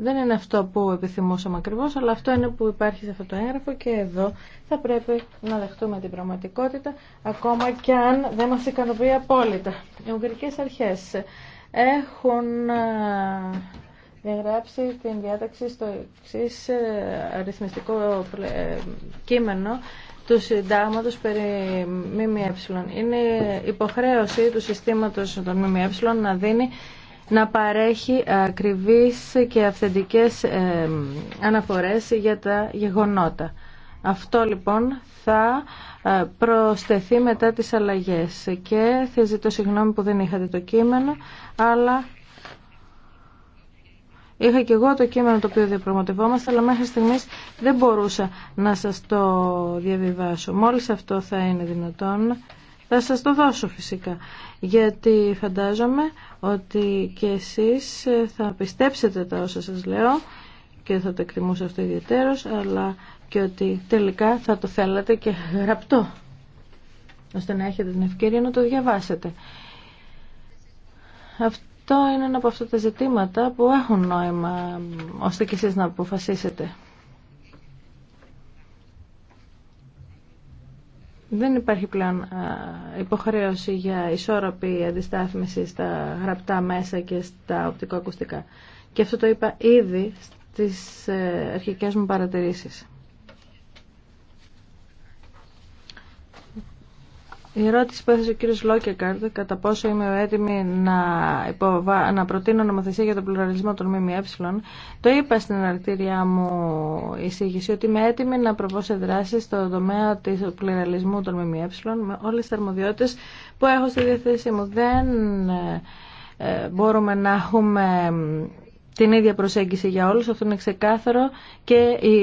Δεν είναι αυτό που επιθυμούσαμε ακριβώ, αλλά αυτό είναι που υπάρχει σε αυτό το έγγραφο και εδώ θα πρέπει να δεχτούμε την πραγματικότητα, ακόμα και αν δεν μα ικανοποιεί απόλυτα. Οι Ουγγρικέ Αρχέ έχουν ε, διαγράψει την διάταξη στο εξή ε, αριθμιστικό ε, κείμενο του συντάγματος περί ΜΜΕ. Είναι υποχρέωση του συστήματος των ΜΜΕ να δίνει να παρέχει ακριβείς και αυθεντικές ε, αναφορές για τα γεγονότα. Αυτό λοιπόν θα ε, προσθεθεί μετά τις αλλαγές και θα ζητώ συγγνώμη που δεν είχατε το κείμενο, αλλά είχα και εγώ το κείμενο το οποίο διαπραγματευόμαστε, αλλά μέχρι στιγμής δεν μπορούσα να σας το διαβιβάσω. Μόλις αυτό θα είναι δυνατόν. Θα σας το δώσω φυσικά, γιατί φαντάζομαι ότι και εσείς θα πιστέψετε τα όσα σας λέω και θα το εκτιμούσα αυτό ιδιαίτερος, αλλά και ότι τελικά θα το θέλατε και γραπτό, ώστε να έχετε την ευκαιρία να το διαβάσετε. Αυτό είναι ένα από αυτά τα ζητήματα που έχουν νόημα, ώστε και εσείς να αποφασίσετε. Δεν υπάρχει πλέον υποχρέωση για ισόρροπη αντιστάθμιση στα γραπτά μέσα και στα οπτικοακουστικά. Και αυτό το είπα ήδη στις ε, αρχικές μου παρατηρήσεις. Η ερώτηση που έθεσε ο κύριος Λόκεκαρντ, κατά πόσο είμαι έτοιμη να, υποβα... να προτείνω νομοθεσία για τον πλουραλισμό των ΜΜΕ, το είπα στην αρτήριά μου εισήγηση ότι είμαι έτοιμη να προβώ σε δράση στο τομέα του πλουραλισμού των ΜΜΕ με όλες τις αρμοδιότητες που έχω στη διαθέσή μου. Δεν ε, ε, μπορούμε να έχουμε την ίδια προσέγγιση για όλους, αυτό είναι ξεκάθαρο και η,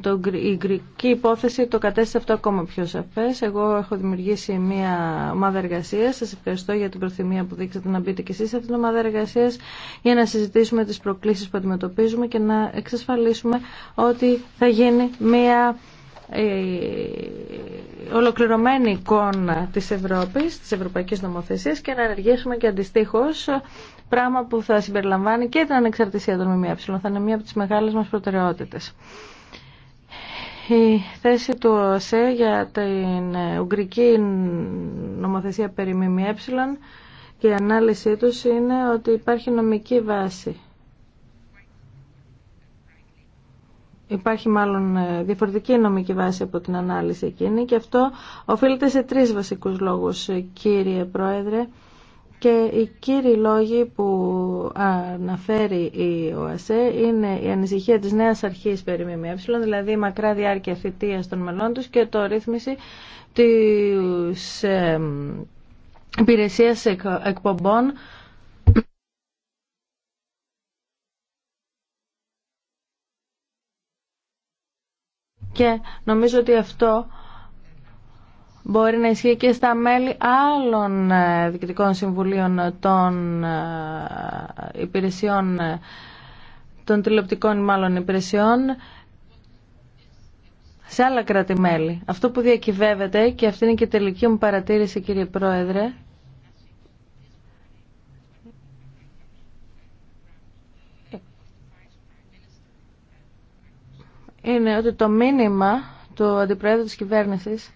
το, η γκρική υπόθεση το κατέστησε αυτό ακόμα πιο σαφές. Εγώ έχω δημιουργήσει μια ομάδα εργασία. σας ευχαριστώ για την προθυμία που δείξατε να μπείτε και εσείς σε αυτήν την ομάδα εργασία για να συζητήσουμε τις προκλήσεις που αντιμετωπίζουμε και να εξασφαλίσουμε ότι θα γίνει μια ε, ολοκληρωμένη εικόνα της Ευρώπης, της Ευρωπαϊκής Νομοθεσίας και να ενεργήσουμε και αντιστοίχως πράγμα που θα συμπεριλαμβάνει και την ανεξαρτησία των ΜΜΕ. Θα είναι μία από τις μεγάλες μας προτεραιότητες. Η θέση του ΟΣΕ για την Ουγγρική νομοθεσία περί ΜΜΕ και η ανάλυση τους είναι ότι υπάρχει νομική βάση. Υπάρχει μάλλον ε, διαφορετική νομική βάση από την ανάλυση εκείνη και αυτό οφείλεται σε τρεις βασικούς λόγους, κύριε Πρόεδρε και οι κύριοι λόγοι που αναφέρει η ΟΑΣΕ είναι η ανησυχία της νέας αρχής περί ΜΜΕ, δηλαδή η μακρά διάρκεια θητείας των μελών τους και το ρύθμιση της ε, υπηρεσίας εκπομπών και νομίζω ότι αυτό μπορεί να ισχύει και στα μέλη άλλων ε, διοικητικών συμβουλίων των ε, υπηρεσιών ε, των τηλεοπτικών μάλλον υπηρεσιών σε άλλα κράτη-μέλη. Αυτό που διακυβεύεται και αυτή είναι και η τελική μου παρατήρηση κύριε Πρόεδρε είναι ότι το μήνυμα του Αντιπρόεδρου της Κυβέρνησης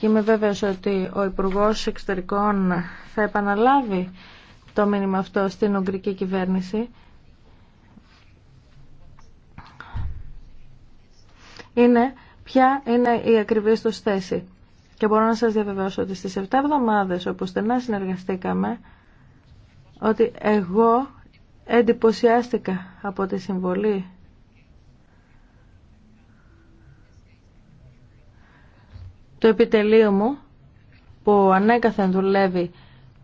και είμαι βέβαιος ότι ο Υπουργός Εξωτερικών θα επαναλάβει το μήνυμα αυτό στην Ουγγρική κυβέρνηση. Είναι ποια είναι η ακριβή του θέση. Και μπορώ να σας διαβεβαιώσω ότι στις 7 εβδομάδες όπου στενά συνεργαστήκαμε, ότι εγώ εντυπωσιάστηκα από τη συμβολή Το επιτελείο μου που ανέκαθεν δουλεύει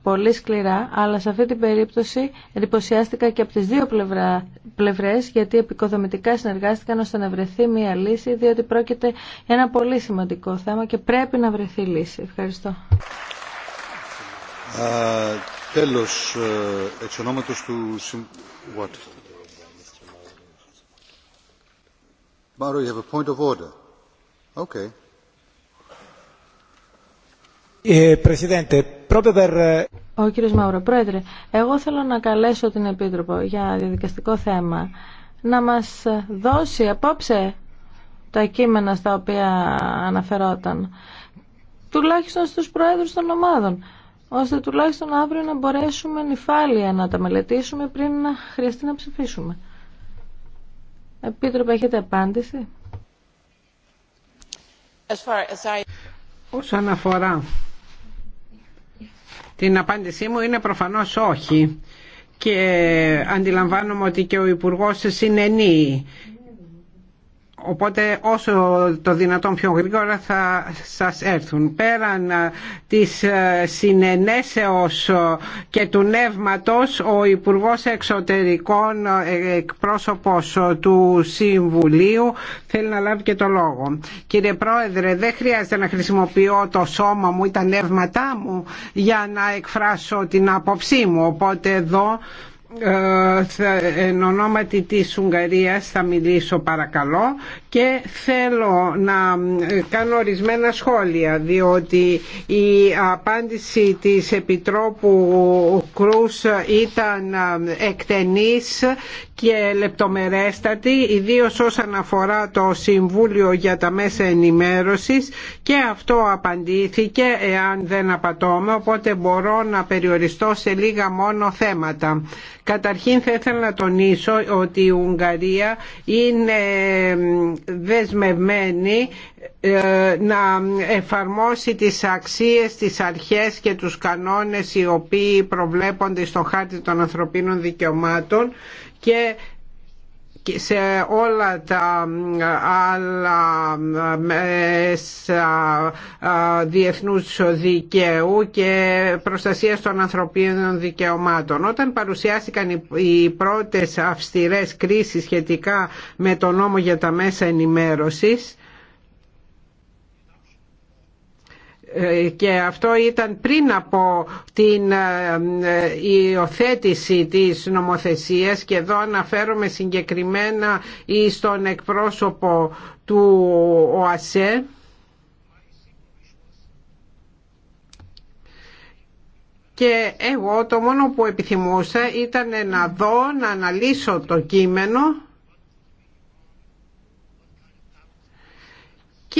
πολύ σκληρά, αλλά σε αυτή την περίπτωση εντυπωσιάστηκα και από τις δύο πλευρά, πλευρές, γιατί επικοδομητικά συνεργάστηκαν ώστε να βρεθεί μια λύση, διότι πρόκειται για ένα πολύ σημαντικό θέμα και πρέπει να βρεθεί λύση. Ευχαριστώ. τέλος, ε, εξ ονόματος του... What? have a point of ε, ε, Ο κύριος Μαύρο, πρόεδρε, εγώ θέλω να καλέσω την Επίτροπο για διαδικαστικό θέμα να μας δώσει απόψε τα κείμενα στα οποία αναφερόταν, τουλάχιστον στους πρόεδρους των ομάδων, ώστε τουλάχιστον αύριο να μπορέσουμε νυφάλια να τα μελετήσουμε πριν να χρειαστεί να ψηφίσουμε. Επίτροπε, έχετε απάντηση. Όσον αφορά την απάντησή μου είναι προφανώς όχι και αντιλαμβάνομαι ότι και ο Υπουργός συνενεί Οπότε όσο το δυνατόν πιο γρήγορα θα σας έρθουν. Πέραν ε, της ε, συνενέσεως ε, και του νεύματος, ο Υπουργός Εξωτερικών εκπρόσωπος του Συμβουλίου θέλει να λάβει και το λόγο. Κύριε Πρόεδρε, δεν χρειάζεται να χρησιμοποιώ το σώμα μου ή τα νεύματά μου για να εκφράσω την άποψή μου. Οπότε εδώ ε, εν ονόματι της Ουγγαρίας θα μιλήσω παρακαλώ και θέλω να ε, κάνω ορισμένα σχόλια διότι η απάντηση της Επιτρόπου Κρούς ήταν ε, εκτενής και λεπτομερέστατη ιδίως όσον αφορά το Συμβούλιο για τα Μέσα Ενημέρωσης και αυτό απαντήθηκε εάν δεν απατώμε οπότε μπορώ να περιοριστώ σε λίγα μόνο θέματα. Καταρχήν θα ήθελα να τονίσω ότι η Ουγγαρία είναι δεσμευμένη ε, να εφαρμόσει τις αξίες, τις αρχές και τους κανόνες οι οποίοι προβλέπονται στο χάρτη των ανθρωπίνων δικαιωμάτων και σε όλα τα άλλα μέσα διεθνούς δικαίου και προστασίας των ανθρωπίνων δικαιωμάτων. Όταν παρουσιάστηκαν οι πρώτες αυστηρές κρίσεις σχετικά με το νόμο για τα μέσα ενημέρωσης, και αυτό ήταν πριν από την ε, ε, υιοθέτηση της νομοθεσίας και εδώ αναφέρομαι συγκεκριμένα στον εκπρόσωπο του ΟΑΣΕ και εγώ το μόνο που επιθυμούσα ήταν να δω, να αναλύσω το κείμενο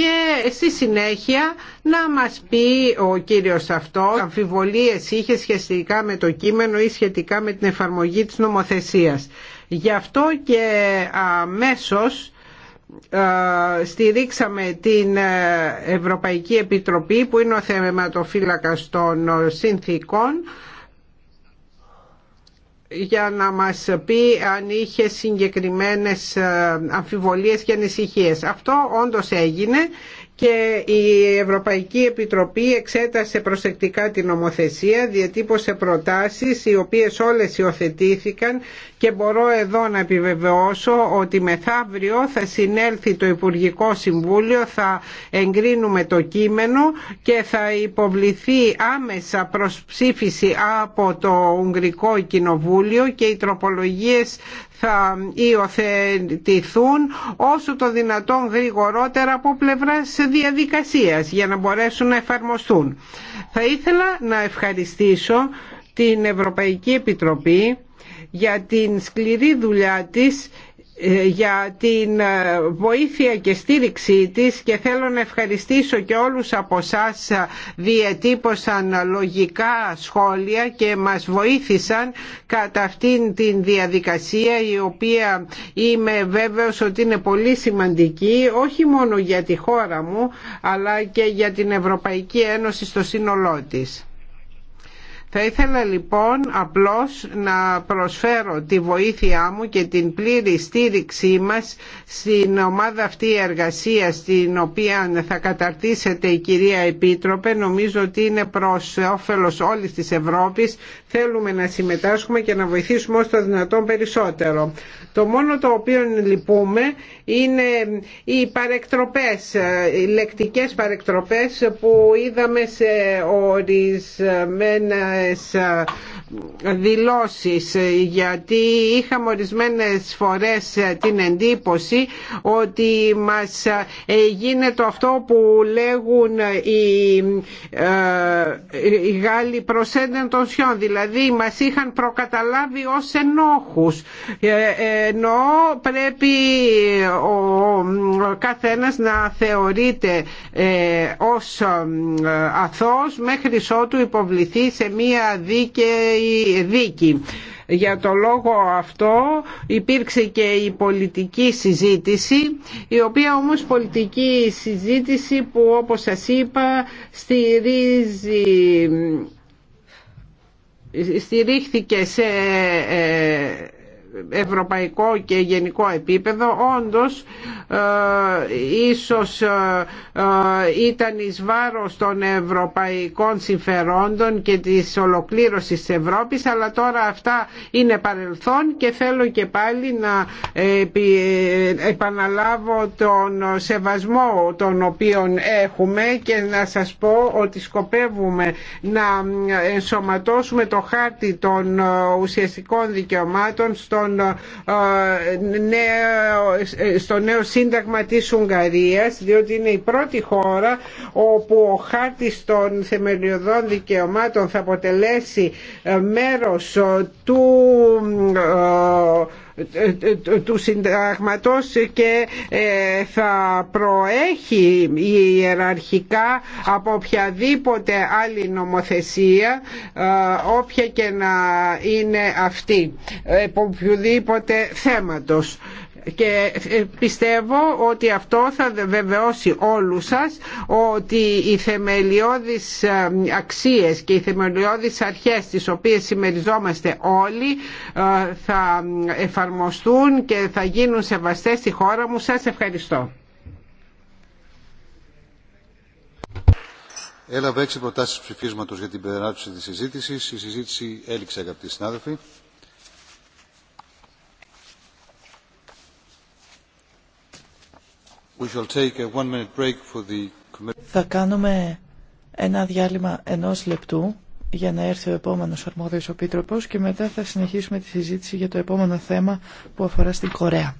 και στη συνέχεια να μας πει ο κύριος αυτό αμφιβολίες είχε σχετικά με το κείμενο ή σχετικά με την εφαρμογή της νομοθεσίας. Γι' αυτό και αμέσως ε, στηρίξαμε την ε, Ευρωπαϊκή Επιτροπή που είναι ο θεματοφύλακας των ε, συνθήκων για να μας πει αν είχε συγκεκριμένες ε, αμφιβολίες και ανησυχίες. Αυτό όντως έγινε και η Ευρωπαϊκή Επιτροπή εξέτασε προσεκτικά την νομοθεσία, διατύπωσε προτάσεις οι οποίες όλες υιοθετήθηκαν και μπορώ εδώ να επιβεβαιώσω ότι μεθαύριο θα συνέλθει το Υπουργικό Συμβούλιο, θα εγκρίνουμε το κείμενο και θα υποβληθεί άμεσα προς ψήφιση από το Ουγγρικό Κοινοβούλιο και οι τροπολογίες θα υιοθετηθούν όσο το δυνατόν γρηγορότερα από πλευράς διαδικασίας για να μπορέσουν να εφαρμοστούν. Θα ήθελα να ευχαριστήσω την Ευρωπαϊκή Επιτροπή για την σκληρή δουλειά της ε, για την ε, βοήθεια και στήριξή της και θέλω να ευχαριστήσω και όλους από εσά ε, διατύπωσαν λογικά σχόλια και μας βοήθησαν κατά αυτήν την διαδικασία η οποία είμαι βέβαιος ότι είναι πολύ σημαντική όχι μόνο για τη χώρα μου αλλά και για την Ευρωπαϊκή Ένωση στο σύνολό της. Θα ήθελα λοιπόν απλώς να προσφέρω τη βοήθειά μου και την πλήρη στήριξή μας στην ομάδα αυτή εργασία στην οποία θα καταρτήσετε η κυρία Επίτροπε. Νομίζω ότι είναι προς όφελος όλης της Ευρώπης. Θέλουμε να συμμετάσχουμε και να βοηθήσουμε όσο το δυνατόν περισσότερο. Το μόνο το οποίο λυπούμε είναι οι παρεκτροπές, οι λεκτικές παρεκτροπές που είδαμε σε ορισμένα Ευχαριστώ δηλώσεις ε, γιατί είχαμε ορισμένες φορές ε, την εντύπωση ότι μας ε, γίνεται αυτό που λέγουν οι, οι Γάλλοι προσέντεν των σιών δηλαδή μας είχαν προκαταλάβει ως ενόχους ενώ πρέπει ο καθένας να θεωρείται ως αθώος μέχρι ότου υποβληθεί σε μία δίκαιη η δίκη. Για το λόγο αυτό υπήρξε και η πολιτική συζήτηση, η οποία όμως πολιτική συζήτηση που όπως σας είπα στηρίζει στηρίχθηκε σε ε, ευρωπαϊκό και γενικό επίπεδο όντως ε, ίσως ε, ε, ήταν εις βάρος των ευρωπαϊκών συμφερόντων και της ολοκλήρωσης της Ευρώπης αλλά τώρα αυτά είναι παρελθόν και θέλω και πάλι να επαναλάβω τον σεβασμό τον οποίο έχουμε και να σας πω ότι σκοπεύουμε να ενσωματώσουμε το χάρτη των ουσιαστικών δικαιωμάτων στον στο νέο σύνταγμα της Ουγγαρίας διότι είναι η πρώτη χώρα όπου ο χάρτης των θεμελιωδών δικαιωμάτων θα αποτελέσει ε, μέρος ε, του ε, του συνταγματός και ε, θα προέχει ιεραρχικά από οποιαδήποτε άλλη νομοθεσία ε, όποια και να είναι αυτή, ε, από οποιοδήποτε θέματος και ε, πιστεύω ότι αυτό θα βεβαιώσει όλους σας ότι οι θεμελιώδεις ε, αξίες και οι θεμελιώδεις αρχές τις οποίες συμμεριζόμαστε όλοι ε, θα εφαρμοστούν και θα γίνουν σεβαστές στη χώρα μου. Σας ευχαριστώ. Έλαβε έξι προτάσεις ψηφίσματος για την περνάτωση της συζήτησης. Η συζήτηση έληξε αγαπητοί συνάδελφοι. Θα κάνουμε ένα διάλειμμα ενός λεπτού για να έρθει ο επόμενος αρμόδιος ο και μετά θα συνεχίσουμε τη συζήτηση για το επόμενο θέμα που αφορά στην Κορέα.